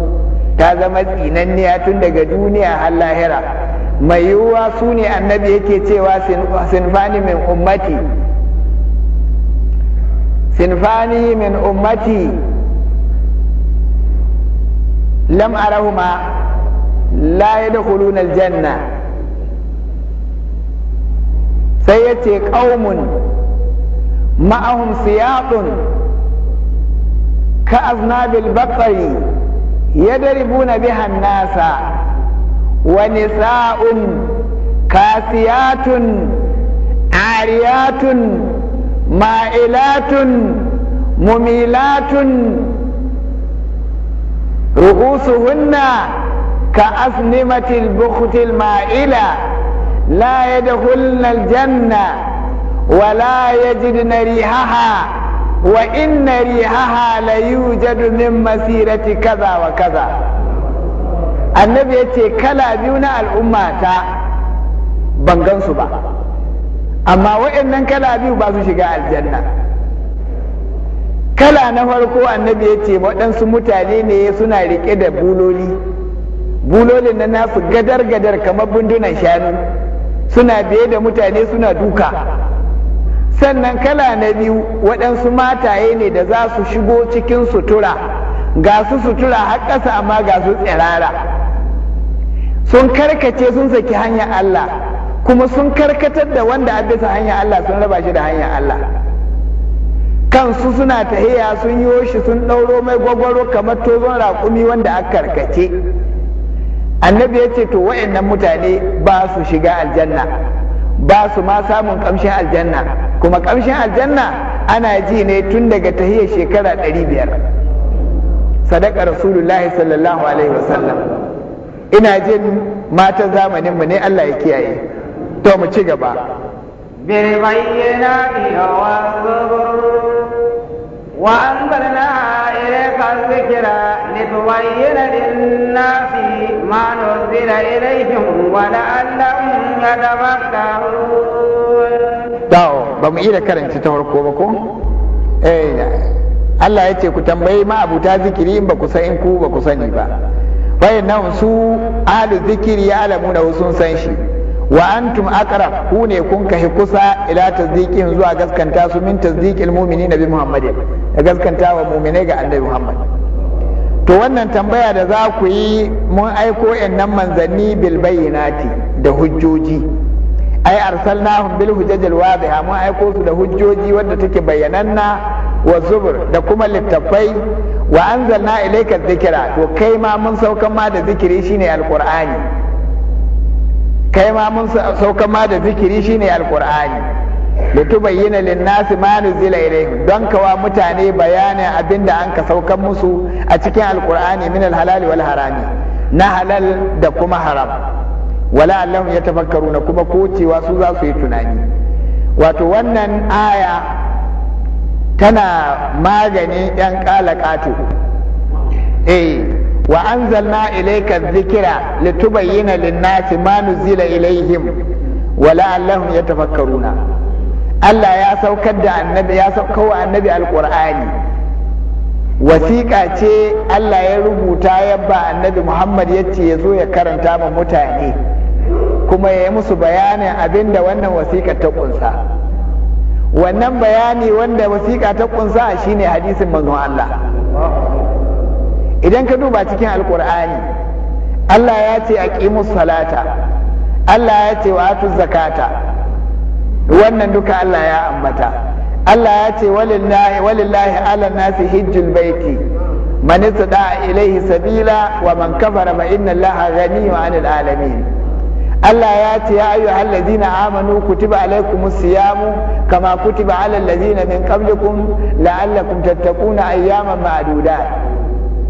ta zama tsinanniya tun daga duniya har lahira mai yiwuwa su ne annabi yake cewa sinfani min ummati sinfani min ummati lam arahuma la yadkhuluna aljanna sai ya ce ƙaumun ma'ahum siyaɗun ka aznabil baƙari ya daribuna bihan nasa wa nisa'un kasiyatun ariyatun ma'ilatun mumilatun ru'usuhunna ka asnimatil bukhtil ma'ila لا يدخلن الجنة ولا يجدن ريحها وإن ريحها ليوجد من مسيرة كذا وكذا biyu na كلا بيونا الأمة su ba. amma waɗannan kala biyu ba su shiga aljanna kala na farko annabi ya ce waɗansu mutane ne suna riƙe da buloli bulolin na nasu gadar-gadar kamar bundunan shanu suna biye da mutane suna duka sannan kala na biyu waɗansu mataye ne da za su shigo cikin sutura ga su sutura har ƙasa amma ga su tsirara sun karkace sun saki hanya Allah kuma sun karkatar da wanda a bisa hanya Allah sun raba shi da hanya Allah kansu suna tahiya sun yi shi sun ɗauro mai gwagwaro kamar tozon raƙumi wanda a karkace annabi ya ce to wa'annan mutane ba su shiga aljanna ba su ma samun kamshin aljanna kuma kamshin aljanna ana ji ne tun daga tahiyar shekara 500 sadaka rasulullahi sallallahu alaihi wasallam ina jin matan zamaninmu ne Allah ya kiyaye to mu ci gaba بالبينات wa
وأنزلنا الذكر لتبين للناس ما نزل إليهم ولعلهم يتفكرون
داو كرن إلى كرنت تهركو Allah ya ce ku tambayi ma abuta zikiri in ba ku san in ku ba ku sani ba wayannan su alu zikiri ya alamu alamuna sun san shi wa antum aqrab ku ne kun kahi kusa ila tasdiqin zuwa gaskanta su min tasdiqil mu'minin bi muhammadin da gaskanta wa mu'minai ga annabi muhammad to wannan tambaya da za ku yi mun aiko nan manzanni bil bayyinati da hujjoji ai arsalnahum bil hujajil wadiha mun aiko su da hujjoji wadda take bayyananna wa zubur da kuma littafai wa anzalna ilayka dhikra to kai ma mun saukan ma da zikiri shine alqur'ani kai ma mun sauka ma da zikiri shine alqur'ani da lin nasi ma nuzila don kawa mutane bayanin abinda an ka saukan musu a cikin alqur'ani min alhalal wal harami na halal da kuma haram wala allahum yatafakkaruna kuma ko cewa su za su yi tunani wato wannan aya tana magani yan kalakatu eh wa anzalna ilayka dhikra litubayyana lin-nasi ma nuzila ilayhim Allah ya saukar da annabi ya saukar wa annabi alqur'ani wasiƙa ce Allah ya rubuta yabba annabi Muhammad ya ce ya zo ya karanta ma mutane kuma ya yi musu bayanin abin da wannan wasiƙa ta ƙunsa wannan bayani wanda wasiƙa ta ƙunsa shine hadisin manzon Allah idan ka duba cikin alkur'ani Allah ya ce a salata Allah ya ce wa atu zakata wannan duka Allah ya ambata Allah ya ce walillahi walillahi ala nasi hijjul baiti man istata'a ilaihi sabila wa man kafara fa inna allaha ghaniyun 'anil alamin Allah ya ce ya ayyuhal ladzina amanu kutiba alaikumus siyamu kama kutiba alal ladzina min qablikum la'allakum tattaquna ayyaman ma'dudat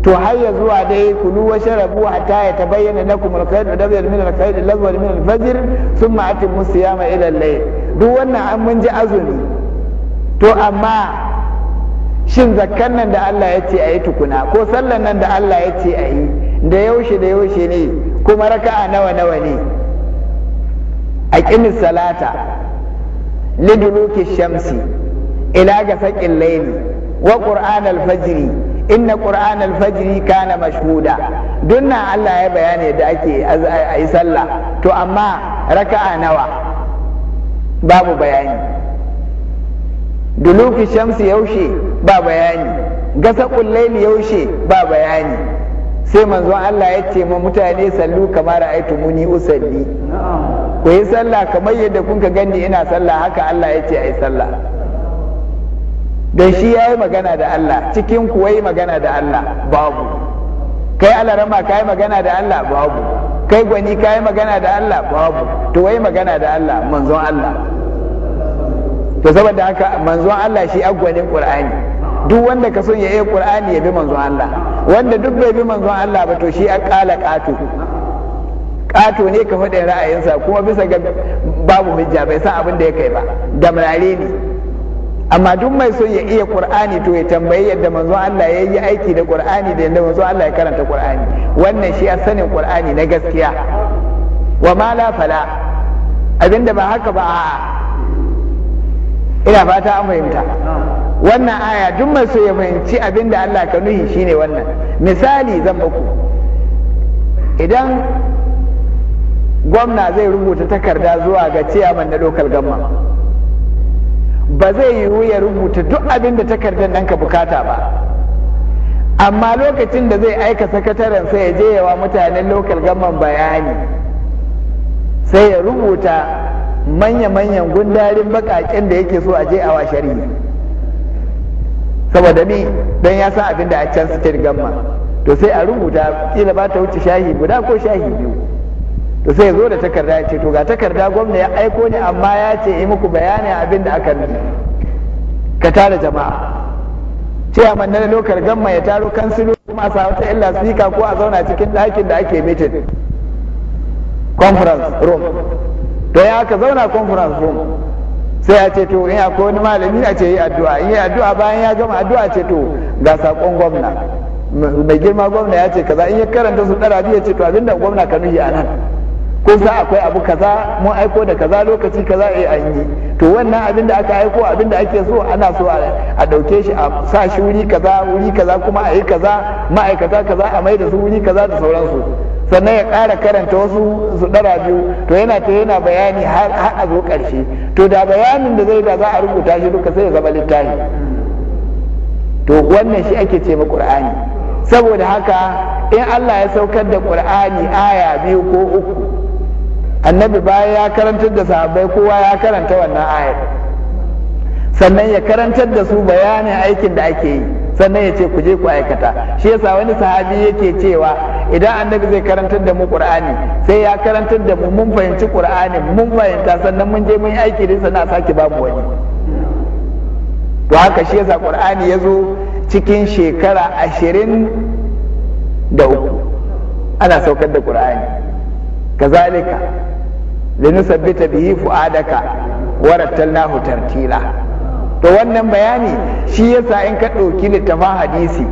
to har ya zuwa dai kulu wa sharabu hatta ya tabayyana lakum al-khayr da min al-khayr al-azwar min al-fajr thumma atimmu siyama ila al-layl duk wannan an mun ji azumi to amma shin zakkan nan da Allah ya ce ayi tukuna ko sallan nan da Allah ya ce ayi da yaushe da yaushe ne kuma raka'a nawa nawa ne aqimis salata liduluki shamsi ila ga saƙin wa qur'an al-fajr inna qur'an al-fajr kana mashhuda dunna Allah ya bayani da ake ayi yi sallah to amma raka'a nawa babu bayani dulufi shamsi yaushe ba bayani Gasa layli yaushe ba bayani sai manzon Allah ya ce ma mutane sallu kamar aitumuni usalli ku yi sallah kamar yadda kun ka gani ina sallah haka Allah ya ce ai sallah don shi ya yi magana da Allah cikin kuwa yi magana da Allah babu kai alarama ka yi magana da Allah babu kai gwani ka yi magana da Allah babu to wai magana da Allah manzon Allah to saboda haka manzon Allah shi agwanin Qur'ani duk wanda ka son ya yi Qur'ani ya bi manzon Allah wanda duk bai bi manzon Allah ba to shi a kala katu. Katu ne ka faɗin ra'ayinsa kuma bisa ga babu hujja bai san abin da ya kai ba gamrare ne amma duk mai so ya iya qur'ani to ya tambayi yadda manzo Allah ya yi aiki da qur'ani da yadda manzo Allah ya karanta qur'ani wannan shi a sanin qur'ani na gaskiya wa ma la fala abinda ba haka ba a'a ina fata an fahimta wannan aya duk mai so ya fahimci abinda Allah ka nuhi shine wannan misali zan baku idan gwamna zai rubuta takarda zuwa ga ciyaman na lokal gamma ba zai yiwu ya rubuta duk abin da takardar nan ka bukata ba amma lokacin da zai aika sakataren sai ya je yawa mutanen lokal gaman bayani sai ya rubuta manya-manyan gundarin bakaken da yake so a je a washari saboda ni don ya san abin da a can sitar gamma to sai a rubuta kila ba ta wuce shahi guda ko shahi biyu to sai zo da takarda ya ce to ga takarda gwamna ya aiko ni amma ya ce yi muku bayanin abin da aka nuna ka tara jama'a ce a manna lokar gamma ya taro kansilo kuma a samu illa sika ko a zauna cikin ɗakin da ake mitin conference room to ya aka zauna conference room sai ya ce to in ya wani malami a ce yi addu'a in yi addu'a bayan ya gama addu'a ce to ga sakon gwamna mai girma gwamna ya ce kaza in ya karanta su ɗara biyu ya ce to abinda gwamna ka nuhi a nan Ko za akwai abu kaza mun aiko da kaza lokaci kaza eh an yi to wannan abin da aka aiko abin da ake so ana so a dauke shi a sa shi wuri kaza wuri kaza kuma a yi kaza ma'aikata kaza a mai da su wuri kaza da sauransu sannan ya ƙara karanta wasu su ɗara biyu to yana ta yana bayani har a zo ƙarshe to da bayanin da zai da za a rubuta shi duka sai ya zama littafi to wannan shi ake ce ma saboda haka in Allah ya saukar da ƙur'ani aya biyu ko uku annabi bayan ya karantar da sahabbai kowa ya karanta wannan ayar sannan ya karantar da su bayanin aikin da ake yi sannan ya ce ku je ku aikata shi yasa wani sahabi yake cewa idan annabi zai karantar da mu qur'ani sai ya karantar da mu mun fahimci qur'ani mun fahimta sannan mun je mun yi aiki din sannan sake babu wani to haka shi yasa qur'ani ya zo cikin shekara ashirin da uku ana saukar da qur'ani kazalika linusabbita bihi fu'adaka warattalnahu tartila to wannan bayani shi yasa in ka ɗauki littafin hadisi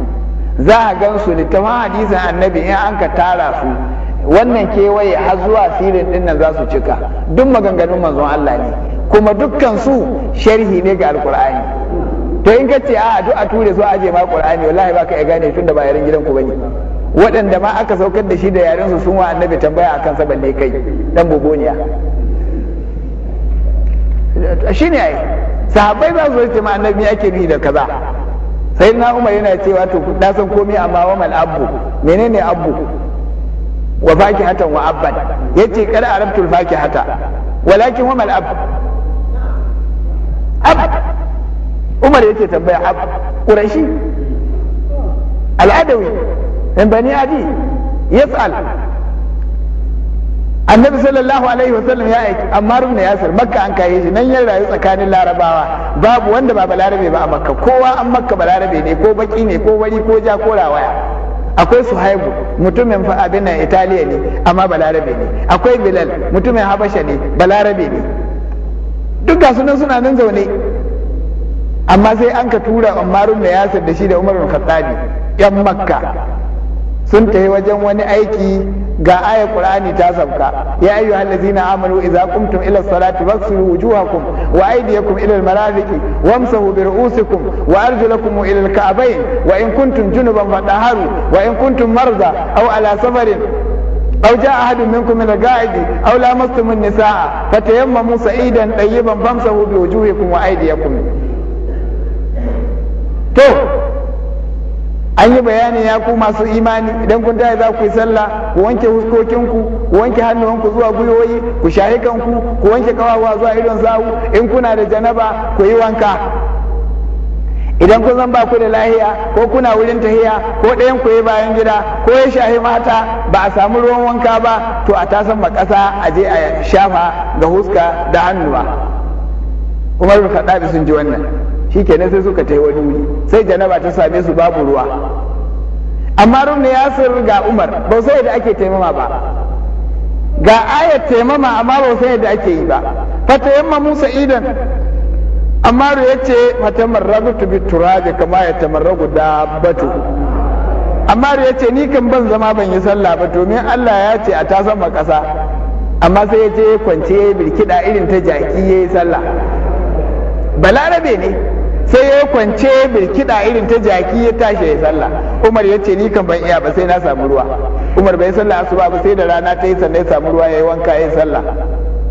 za a gan su hadisin annabi in an ka tara su wannan kewaye har zuwa sirin din nan za su cika duk maganganun manzon Allah ne kuma dukkan su sharhi ne ga alkur'ani to in ka ce a duk a ture su aje ma qur'ani wallahi baka ya gane tunda ba yaren gidan ku bane waɗanda ma aka saukar da shi da yaren su sun wa annabi tambaya akan sa balle kai dan boboniya ne ai sahabbai ba su zai ma annabi ake ke da kaza sai na umar yana cewa to na san komai amma wa mal abbu menene abu wa hatan wa abban Ya ce kar arabtul hata walakin wa mal ab ab umar ya ce tambaya ab ƙurashi al'adawi من بني عدي يسأل annabi sallallahu alaihi wasallam ya aiki amma rubna makka an kaye shi nan ya rayu tsakanin larabawa babu wanda ba balarabe ba a makka kowa an makka balarabe ne ko baki ne ko wari ko ja ko akwai suhaibu mutumin fa abin italiya ne amma balarabe ne akwai bilal mutumin habasha ne balarabe ne duk ga sunan suna nan zaune amma sai an ka tura amma rubna yasir da shi da umar bin khattabi yan makka sun tafi wajen wani aiki ga ayar qur'ani ta sabka ya ayyuha allazina amanu idza qumtum ila salati faghsilu wujuhakum wa aydiyakum ila almarafiqi wamsahu bi ru'usikum wa arjulakum ila alka'bayn wa in kuntum junuban fataharu wa in kuntum marza aw ala safarin أو جاء أحد منكم من القاعد أو لامستم النساء فتيمموا سعيدا طيبا فامسحوا بوجوهكم وأيديكم تو an yi bayani ya ku masu imani idan kun tashi za ku yi sallah ku wanke huskokinku ku wanke hannuwanku zuwa gwiwoyi ku shahi kanku ku wanke kawawa zuwa idon zawu in kuna da janaba ku yi wanka idan kun zan ba ku da lahiya ko kuna wurin tahiya ko ɗayan ku yi bayan gida ko ya shahi mata ba a samu ruwan wanka ba to a tasan ba ƙasa a je a shafa ga huska da hannuwa umar bin sun ji wannan shikenan sai suka ta yi wani wuri sai janaba ta same su babu ruwa amma rumna yasir ga umar ba sai da ake taimama ba ga ayat taimama amma ba sai da ake yi ba fata yamma musa idan amma ya ce fata marragu tu bi turaje kama ya tamarragu dabbatu amma ya ce ni kan ban zama ban yi sallah ba domin Allah ya ce a ta sama kasa amma sai ya je kwance ya birkida irin ta jaki ya yi sallah balarabe ne sai ya kwance mai kiɗa irin ta jaki ya tashi ya salla, umar ya ce ni kan ban iya ba sai na samu ruwa umar bai sallah asuba ba sai da rana ta yi sannan ya samu ruwa ya yi wanka ya yi sallah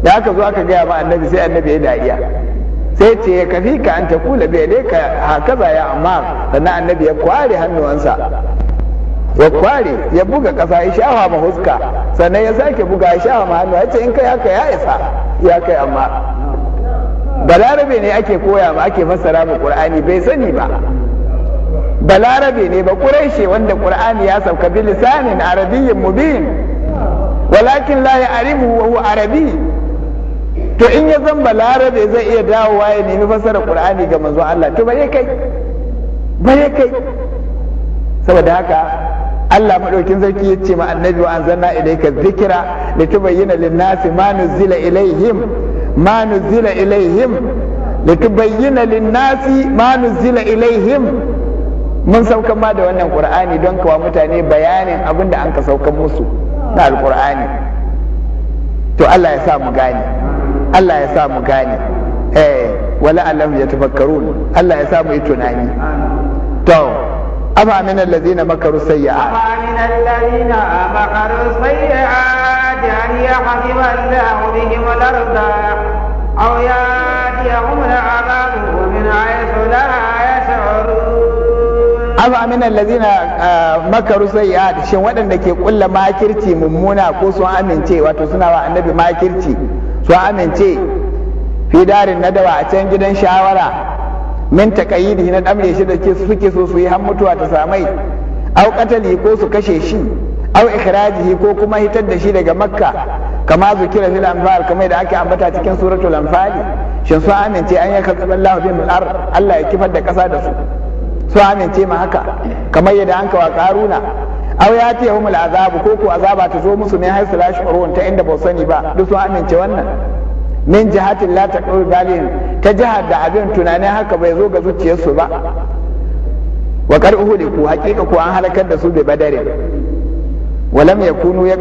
da aka zo aka gaya ma annabi sai annabi ya dariya sai ce ya kafi ka an ta kula bai dai ka hakaza ya amma sannan annabi ya kware hannuwansa ya kware ya buga kasa ya shafa ma huska sannan ya sake buga ya shafa ma hannu ya ce in kai haka ya isa ya kai amma balarabe ne ake koya ma ake fassara ma qur'ani bai sani ba balarabe ne ba quraishi wanda qur'ani ya sauka bi lisanin arabiyyin mubin walakin la ya'rifu wa huwa arabi to in ya zan balarabe zai iya dawowa ya nemi fassara qur'ani ga manzo Allah to bare kai bare kai saboda haka Allah madaukin sarki ya ce ma annabi wa anzalna ilayka dhikra litubayyana lin-nasi ma nuzila ilayhim ma nuzila ilaihim litubayyana linnasi ma nuzila ilaihim mun saukan da wannan qur'ani don kawa mutane bayanin abin da an ka saukan musu na alqur'ani to Allah ya sa mu gane Allah ya sa mu gane eh wala alam Allah ya sa mu yi tunani to أما من الذين مكروا السيئات
أما من الذين مكروا السيئات أن يحكم الله بهم الأرض أو يأتيهم العذاب من حيث لا يشعرون
أما من الذين makaru sayyi'at shin waɗanda ke kulla makirci mummuna ko sun amince wato suna wa annabi makirci sun amince fi darin dawa a can gidan shawara min taqayyidi na damre shi da suke so su yi har mutuwa ta samai aukatali ko su kashe shi aw ikhrajihi ko kuma hitar da shi daga makka kama zukira fil anfal kamar da ake ambata cikin suratul anfal shin su amince an yaka tsaballahu bihim ar Allah ya kifar da kasa da su su amince ma haka kamar yadda an kawa karuna aw ya ta humul azabu ko ko azaba ta zo musu ne haisu la urun ta inda ba sani ba duk su amince wannan min jihatin la taqul balin ta jihar da abin tunanin haka bai zo ga zuciyarsu ba wa qad uhuliku haqiqa ko an halakar da su bai badare walam ya yakunu ya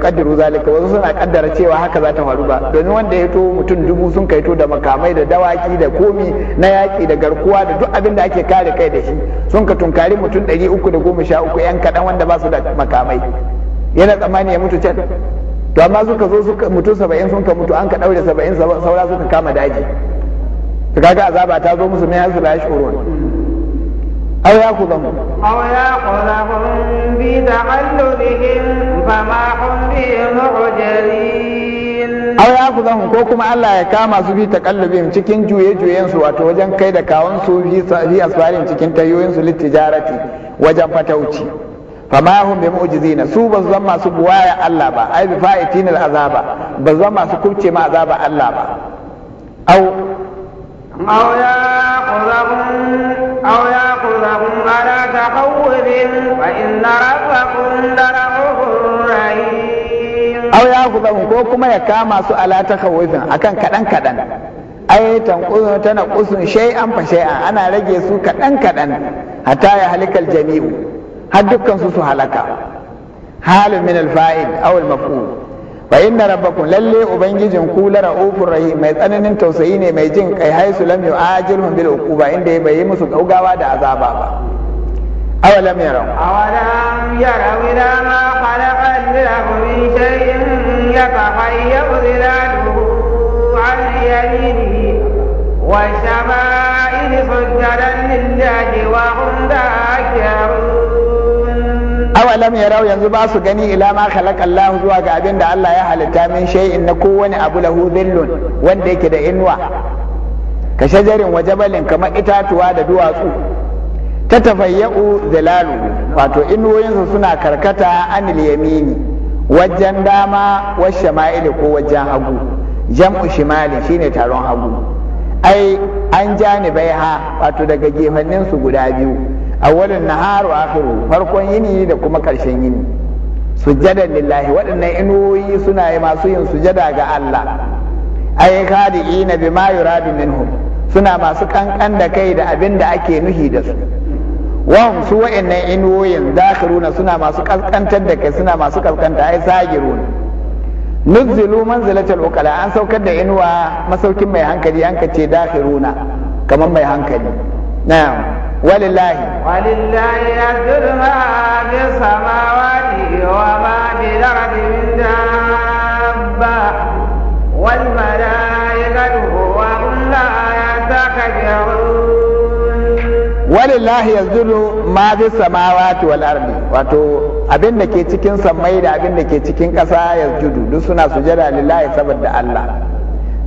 kadiru zalika wasu suna kaddara cewa haka za ta faru ba domin wanda ya to mutum dubu sun to da makamai da dawaki da komi na yaki da garkuwa da duk abin da ake kare kai da shi sun ka tunkari mutum 313 yan kadan wanda ba su da makamai yana tsammani ya mutu can to amma suka zo suka mutu 70 sun ka mutu an ka daure 70 saura suka kama daji to kaga azaba ta zo musu mai hasu la yashurun أو يأخذهم
أو يأخذهم بتعللهم فما هم بمعجلين
ko kuma Allah ya kama su bi takallubin cikin juye-juyen su wato wajen kai da kawun su bi sabi cikin tayoyin su litijarati wajen fatauci fama hum bi mu'jizina su ba zan masu buwaya Allah ba ai bi fa'itin azaba ba zan masu kubce ma azaba Allah ba au
أو يأخذهم أو يأخذهم على تخوف فإن ربكم لرؤوف رحيم
أو يأخذهم ko kuma ya kama su ala a kan kaɗan-kaɗan. ai tanquzun tana qusun shay'an fa shay'an ana rage su kaɗan-kaɗan a taya halikal jami'u har dukansu su halaka fail aw fa inna rabbakum lalle ubangijin ku la raufur rahim mai tsananin tausayi ne mai jin kai haisu lam yu'ajilhum bil uquba inda bai yi musu gaugawa da azaba ba awalam yarau awalam yarau ila ma khalaqa
allahu min shay'in yatahayyu zilaluhu an yaminihi wa shama'in sujadan lillahi wa hum dakirun
awalam rau yanzu ba su gani ila ma Allah zuwa ga abin da Allah ya halitta min shay'in na kowane abu lahu dhillun wanda yake da inuwa ka shajarin wa jabalin kamar itatuwa da duwatsu ta tafayya'u zilalu wato inuwoyinsu suna karkata anil yamini wajen dama wa shama'ili ko wajen hagu jam'u shimali shine taron hagu ai an janibai ha wato daga gefanninsu guda biyu awalin naharu wa akhiru farkon yini da kuma karshen yini sujjadan lillahi waɗannan inuwoyi suna yi masu yin sujada ga Allah ay khadi'ina bima yuradu minhum suna masu kankan da kai da abin da ake nuhi da su wahum su wa'annan inuwoyin dakhiruna suna masu kaskantar da kai suna masu kaskanta ai sagiruna nuzzilu manzilatul ukala an saukar da inuwa masaukin mai hankali an ka ce dakhiruna kamar mai hankali na'am walillahi
walillahi yasjudu ma fi samawati wa ma fi al-ardi min dabba wal malaikatu wa la yatakabbarun
walillahi yasjudu ma fi samawati wal ardi wato abin da ke cikin sammai da abin da ke cikin ƙasa yasjudu duk suna sujada lillahi saboda Allah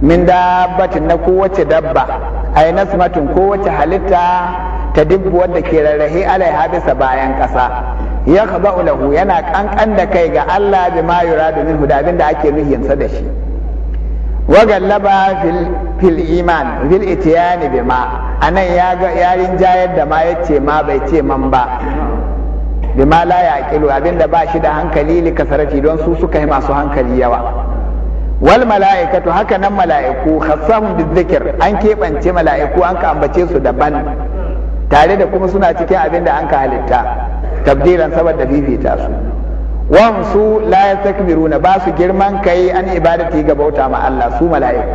min dabbatin na kowace dabba a ay nasmatun kowace halitta ta dubbu wadda ke rarrahe alaiha bisa bayan ƙasa ya khada'u lahu yana ƙanƙan da kai ga Allah bi ma yura da da ake nuhiyansa da shi wa gallaba fil iman fil itiyani bima anan ya ga yarin jayar da ma yace ma bai ce man ba ma la yaqilu abinda ba shi da hankali li kasarati don su suka yi masu hankali yawa wal mala'ikatu haka nan mala'iku khassahum bizikr an keɓance mala'iku an ka ambace su daban tare da kuma suna cikin abin da an ka halitta tabdilan saboda bibita su wa su la yastakbiruna ba su girman kai an ibadati ga bauta ma Allah su mala'iku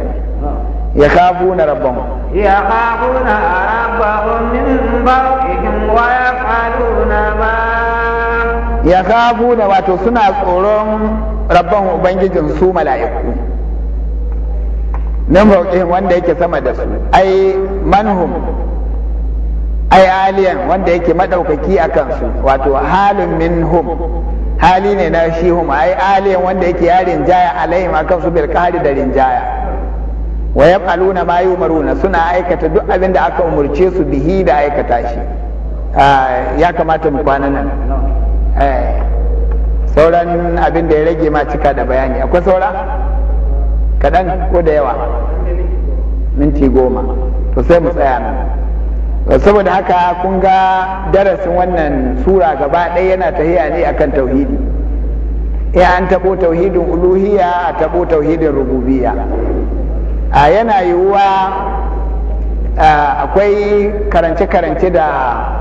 ya khafuna rabbahum
ya khafuna rabbahum min fawqihim wa yaf'aluna
ma ya kafu da wato suna tsoron rabban ubangijin su mala'iku nan fauƙin wanda yake sama da su ai manhum ai aliyan wanda yake maɗaukaki a kansu wato halin minhum hali ne na shi hum ai aliyan wanda yake ya rinjaya alaihim akan su bil kari da rinjaya wa yaf'aluna ma yumaruna suna aikata duk abin da aka umurce su bihi da aikata shi ah, ya kamata mu kwana nan Eh. sauran abin da ya rage ma cika da bayani akwai saura kaɗan ko da yawa minti goma to sai mu tsaya nan saboda haka kun ga darasin wannan sura gaba ɗaya yana tahiya ne akan tauhidi ya eh, an taɓo tauhidin uluhiya a taɓo tauhidin rububiya a yana yiwuwa akwai karance-karance da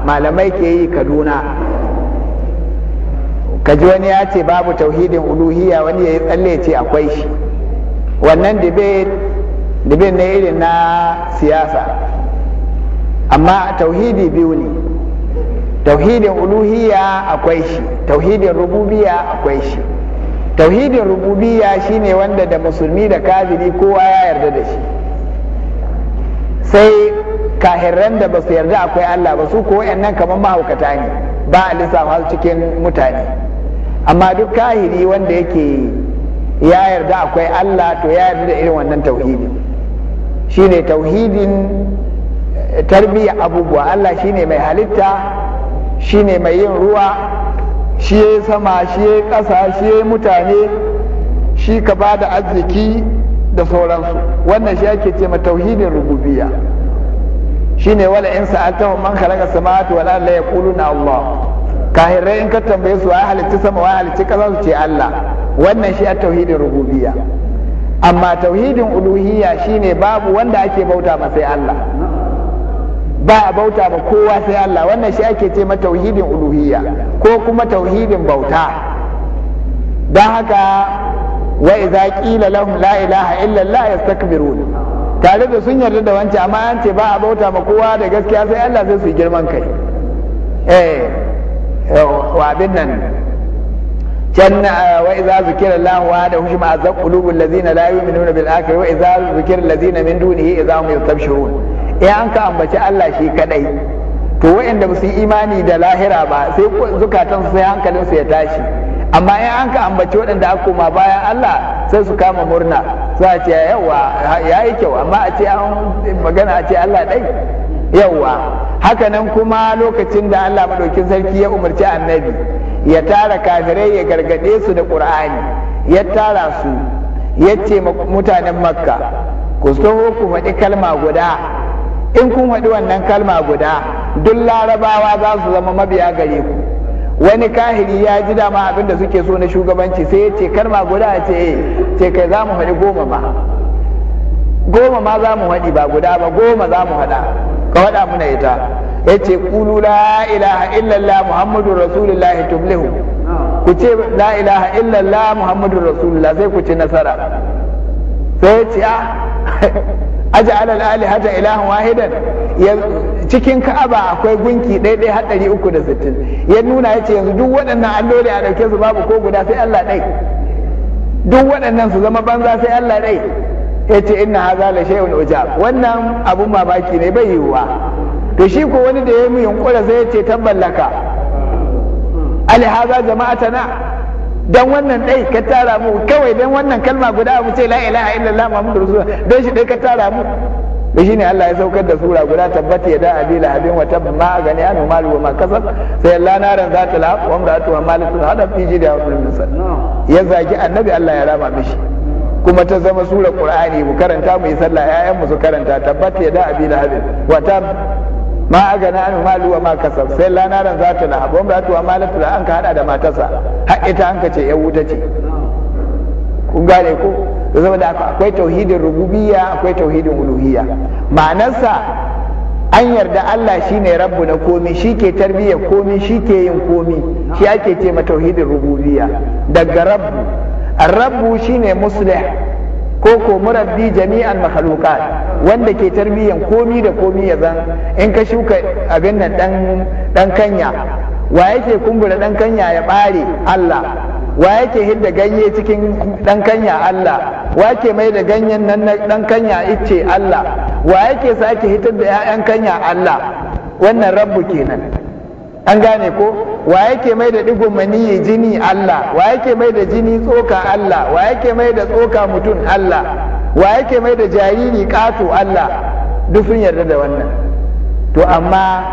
malamai ke yi kaduna kaji wani ya ce babu tauhidin uluhiyya wani ya yi tsalle ce akwai shi wannan dibin na irin na siyasa amma tauhidi biyu ne tauhidin uluhiyya akwai shi tauhidin rububiya akwai shi tauhidin shi shine wanda da musulmi da kafiri kowa ya yarda da shi sai kahirran da ba su yarda akwai Allah ba su ko nan kamar mahaukata ne ba a lissafa cikin mutane amma duk kahiri wanda yake ya yarda akwai Allah to ya yarda da irin wannan tauhidin shine tauhidin eh, tarbiyya abubuwa Allah shine mai halitta shine mai yin ruwa shi ya sama shi ya ƙasa shi ya mutane shi ka ba da arziki da sauransu wannan shi ake ce ma tauhidin rububiyya shine wala in sa'altahum man khalaqa samawati wal arda yaquluna Allah kahirai in ka tambaye su wai halitta sama wai halicci kaza su ce Allah wannan shi a tauhidin rububiyya amma tauhidin uluhiyya shine babu wanda ake bauta ma sai Allah ba a bauta ma kowa sai Allah wannan shi ake ce ma tauhidin uluhiyya ko kuma tauhidin bauta don haka wa idza qila lahum la ilaha illa Allah yastakbirun tare da sun yarda da wancan amma an ce ba a bauta ma kowa da gaskiya sai Allah sai su girman kai eh wa abin nan can uh, wa idza zikira Allah wa da hushma azab qulubul ladina la yu'minuna bil akhir wa idza zikira ladina min dunihi idza hum yastabshirun eh an ka ambaci Allah shi kadai to waɗanda ba su yi imani da lahira ba sai zukatan su sai hankalin su ya tashi amma in an ka ambaci waɗanda aka koma bayan Allah sai su kama murna su a ce yawa yayi kyau amma a ce an magana a ce Allah dai yawwa nan kuma lokacin da Allah madaukin sarki ya umarci annabi ya tara kafirai ya gargade su da qur'ani ya tara su ya ce mutanen makka ku taho ku faɗi kalma guda in kun faɗi wannan kalma guda duk larabawa za su zama mabiya gare ku wani kahiri ya ji dama abin da suke so na shugabanci sai ya ce kalma guda ce eh, ce kai za mu faɗi goma ba goma ma za mu haɗi ba guda ba goma za mu haɗa ka haɗa muna ita ya ce ƙulu la ilaha illallah muhammadu rasulullah tuflihu ku ce la ilaha illallah muhammadu rasulullah sai ku ci nasara sai ya ce a ah, aj'al al-alihata ilahun wahidan cikin ka'aba akwai gunki ɗaiɗai har ɗari uku da sittin ya nuna ya ce yanzu duk waɗannan alloli a ɗauke su babu ko guda sai Allah ɗai duk waɗannan su zama banza sai Allah ɗai yace inna hadha la shay'un ujab wannan abun mamaki ne bai yiwuwa to shi ko wani da ya mu yunkura zai ce tabbalaka ali jama'a jama'atana dan wannan dai ka tara mu kawai dan wannan kalma guda mu ce la ilaha illallah muhammadur rasulullah dan shi dai ka tara mu da shi ne Allah ya saukar da sura guda tabbata ya da abi lahabin wa tabba ma gani malu wa ma kasab sai Allah na za ta la wa amratu wa malu hada fi jida wa ya zagi annabi Allah ya rama mishi kuma ta zama sura qur'ani mu karanta mu yi sallah ƴaƴan mu su karanta tabbata ya da abi lahabin wa ta ma na an malu wa ma kasab sai lanaran za ta lahab wa da wa malatu la an ka hada da matarsa har ita an ka ce ƴan wuta ce kun gane ko zama da akwai tauhidin rububiyya akwai tauhidin uluhiyya ma'anarsa an yarda Allah shine rabbu na komi shi ke tarbiyyar komi shi ke yin komi shi ake ce ma tauhidin rububiyya daga rabbu rabbu shine muslih ko ko murabbi jami'an makhluqat wanda ke tarbiyyan komi da komi ya zan in ka shuka abin nan dan dan kanya wa yake kumbura dan kanya ya bare Allah wa yake hidda ganye cikin dan kanya Allah wa yake mai da ganyen nan dan kanya icce Allah wa yake sake hitar da 'ya'yan kanya Allah wannan rabbu kenan an gane ko wa yake mai da digon maniyi jini Allah wa yake mai da jini tsoka Allah wa yake mai da tsoka mutum Allah wa yake mai da jariri ƙato Allah duk sun yarda da wannan to amma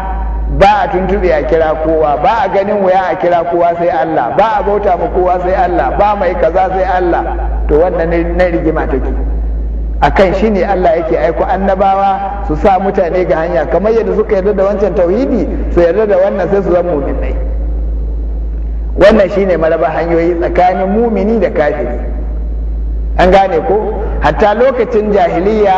ba a tuntube a kira kowa ba a ganin waya a kira kowa sai Allah ba a bauta ma kowa sai Allah ba mai kaza sai Allah to wannan na rigima take akan shi ne Allah yake aiko annabawa su sa mutane ga hanya kamar yadda suka yarda da wancan tauhidi su yarda da wannan sai su zama muminai wannan shi ne maraba hanyoyi tsakanin mumini da kafiri an gane ko hatta lokacin jahiliya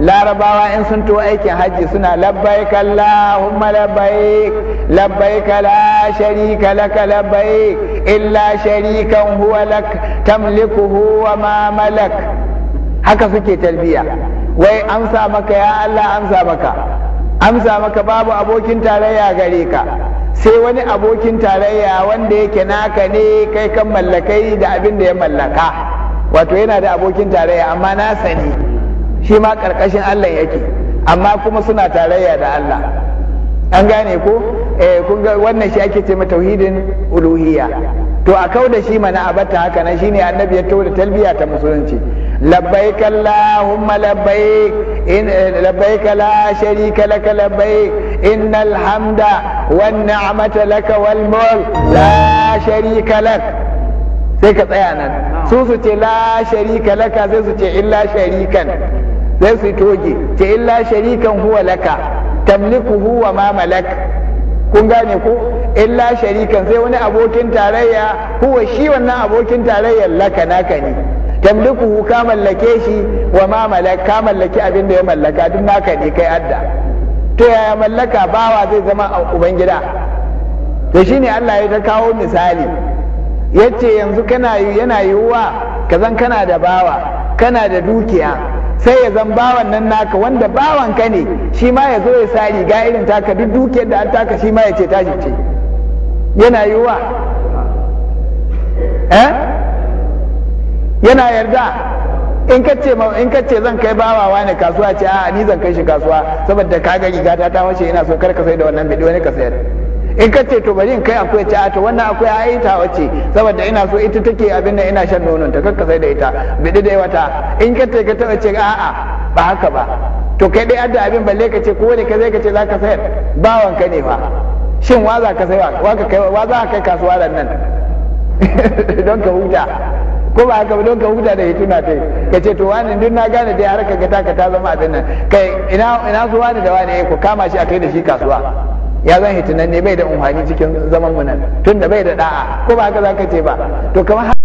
larabawa in sun to aikin hajji suna labbaik allahumma labbaik labbaik la sharika laka labbaik illa sharikan huwa lak tamliku huwa ma malak haka suke talbiya wai amsa maka ya Allah amsa maka amsa maka babu abokin tarayya gare ka sai wani abokin tarayya wanda yake naka ne kai kan mallakai da abin da ya mallaka wato yana da abokin tarayya amma na sani shi ma ƙarƙashin Allah yake amma kuma suna tarayya da Allah an gane ko eh, kun ga wannan shi ake ce ma tauhidin uluhiyya to a kau da shi mana abata haka nan shine annabi ya tawo da talbiya ta musulunci labbaik allahumma labbaik in eh, labbaik la sharika lak labbaik innal hamda wan ni'mata lak wal mulk la sharika lak sai ka tsaya nan su su ce la sharika laka sai su ce illa sharikan sai su toge ce illa sharikan huwa laka tamlikuhu wa ma malak kun gane ko illa sharikan sai wani abokin tarayya huwa shi wannan abokin tarayya laka naka ne tamlikuhu ka mallake shi wa ma malak ka mallaki abin da ya mallaka duk naka ne kai adda to yaya mallaka bawa zai zama a ubangida to shine Allah ya ta kawo misali yace yanzu kana yana yiwuwa kazan kana da bawa kana da dukiya sai ya zan bawan nan naka wanda bawan ka ne shi ma ya zo ya sa riga irin taka duk dukiyar da an taka shi ma ya ce ta ce yana yiwuwa eh yana yarda in ka ce in ka ce zan kai bawawa ne kasuwa ce a ni zan kai shi kasuwa saboda ka ga riga ta ta wace ina so kar ka sai da wannan bidi wani ka sayar in ka ce to bari in kai akwai ta to wannan akwai ai ta wace saboda ina so ita take abin da ina shan nonon ta kakka sai da ita bidi da wata in ka ce ka ta a a'a ba haka ba to kai dai adda abin balle ka ce ko ne ka zai ka ce zaka sayar bawan ka ne fa shin wa za ka sai wa ka kai wa za ka kai kasuwa ran nan don ka huta ko ba haka ba don ka huta da hituna ta ka ce to wani duk na gane dai har ka ga ta zama abin nan kai ina ina so wani da wani eh, ko kama shi a kai da shi kasuwa ya zan hitinan ne bai da umarni cikin zaman mu nan da bai da da'a ko ba haka zaka ce ba to kamar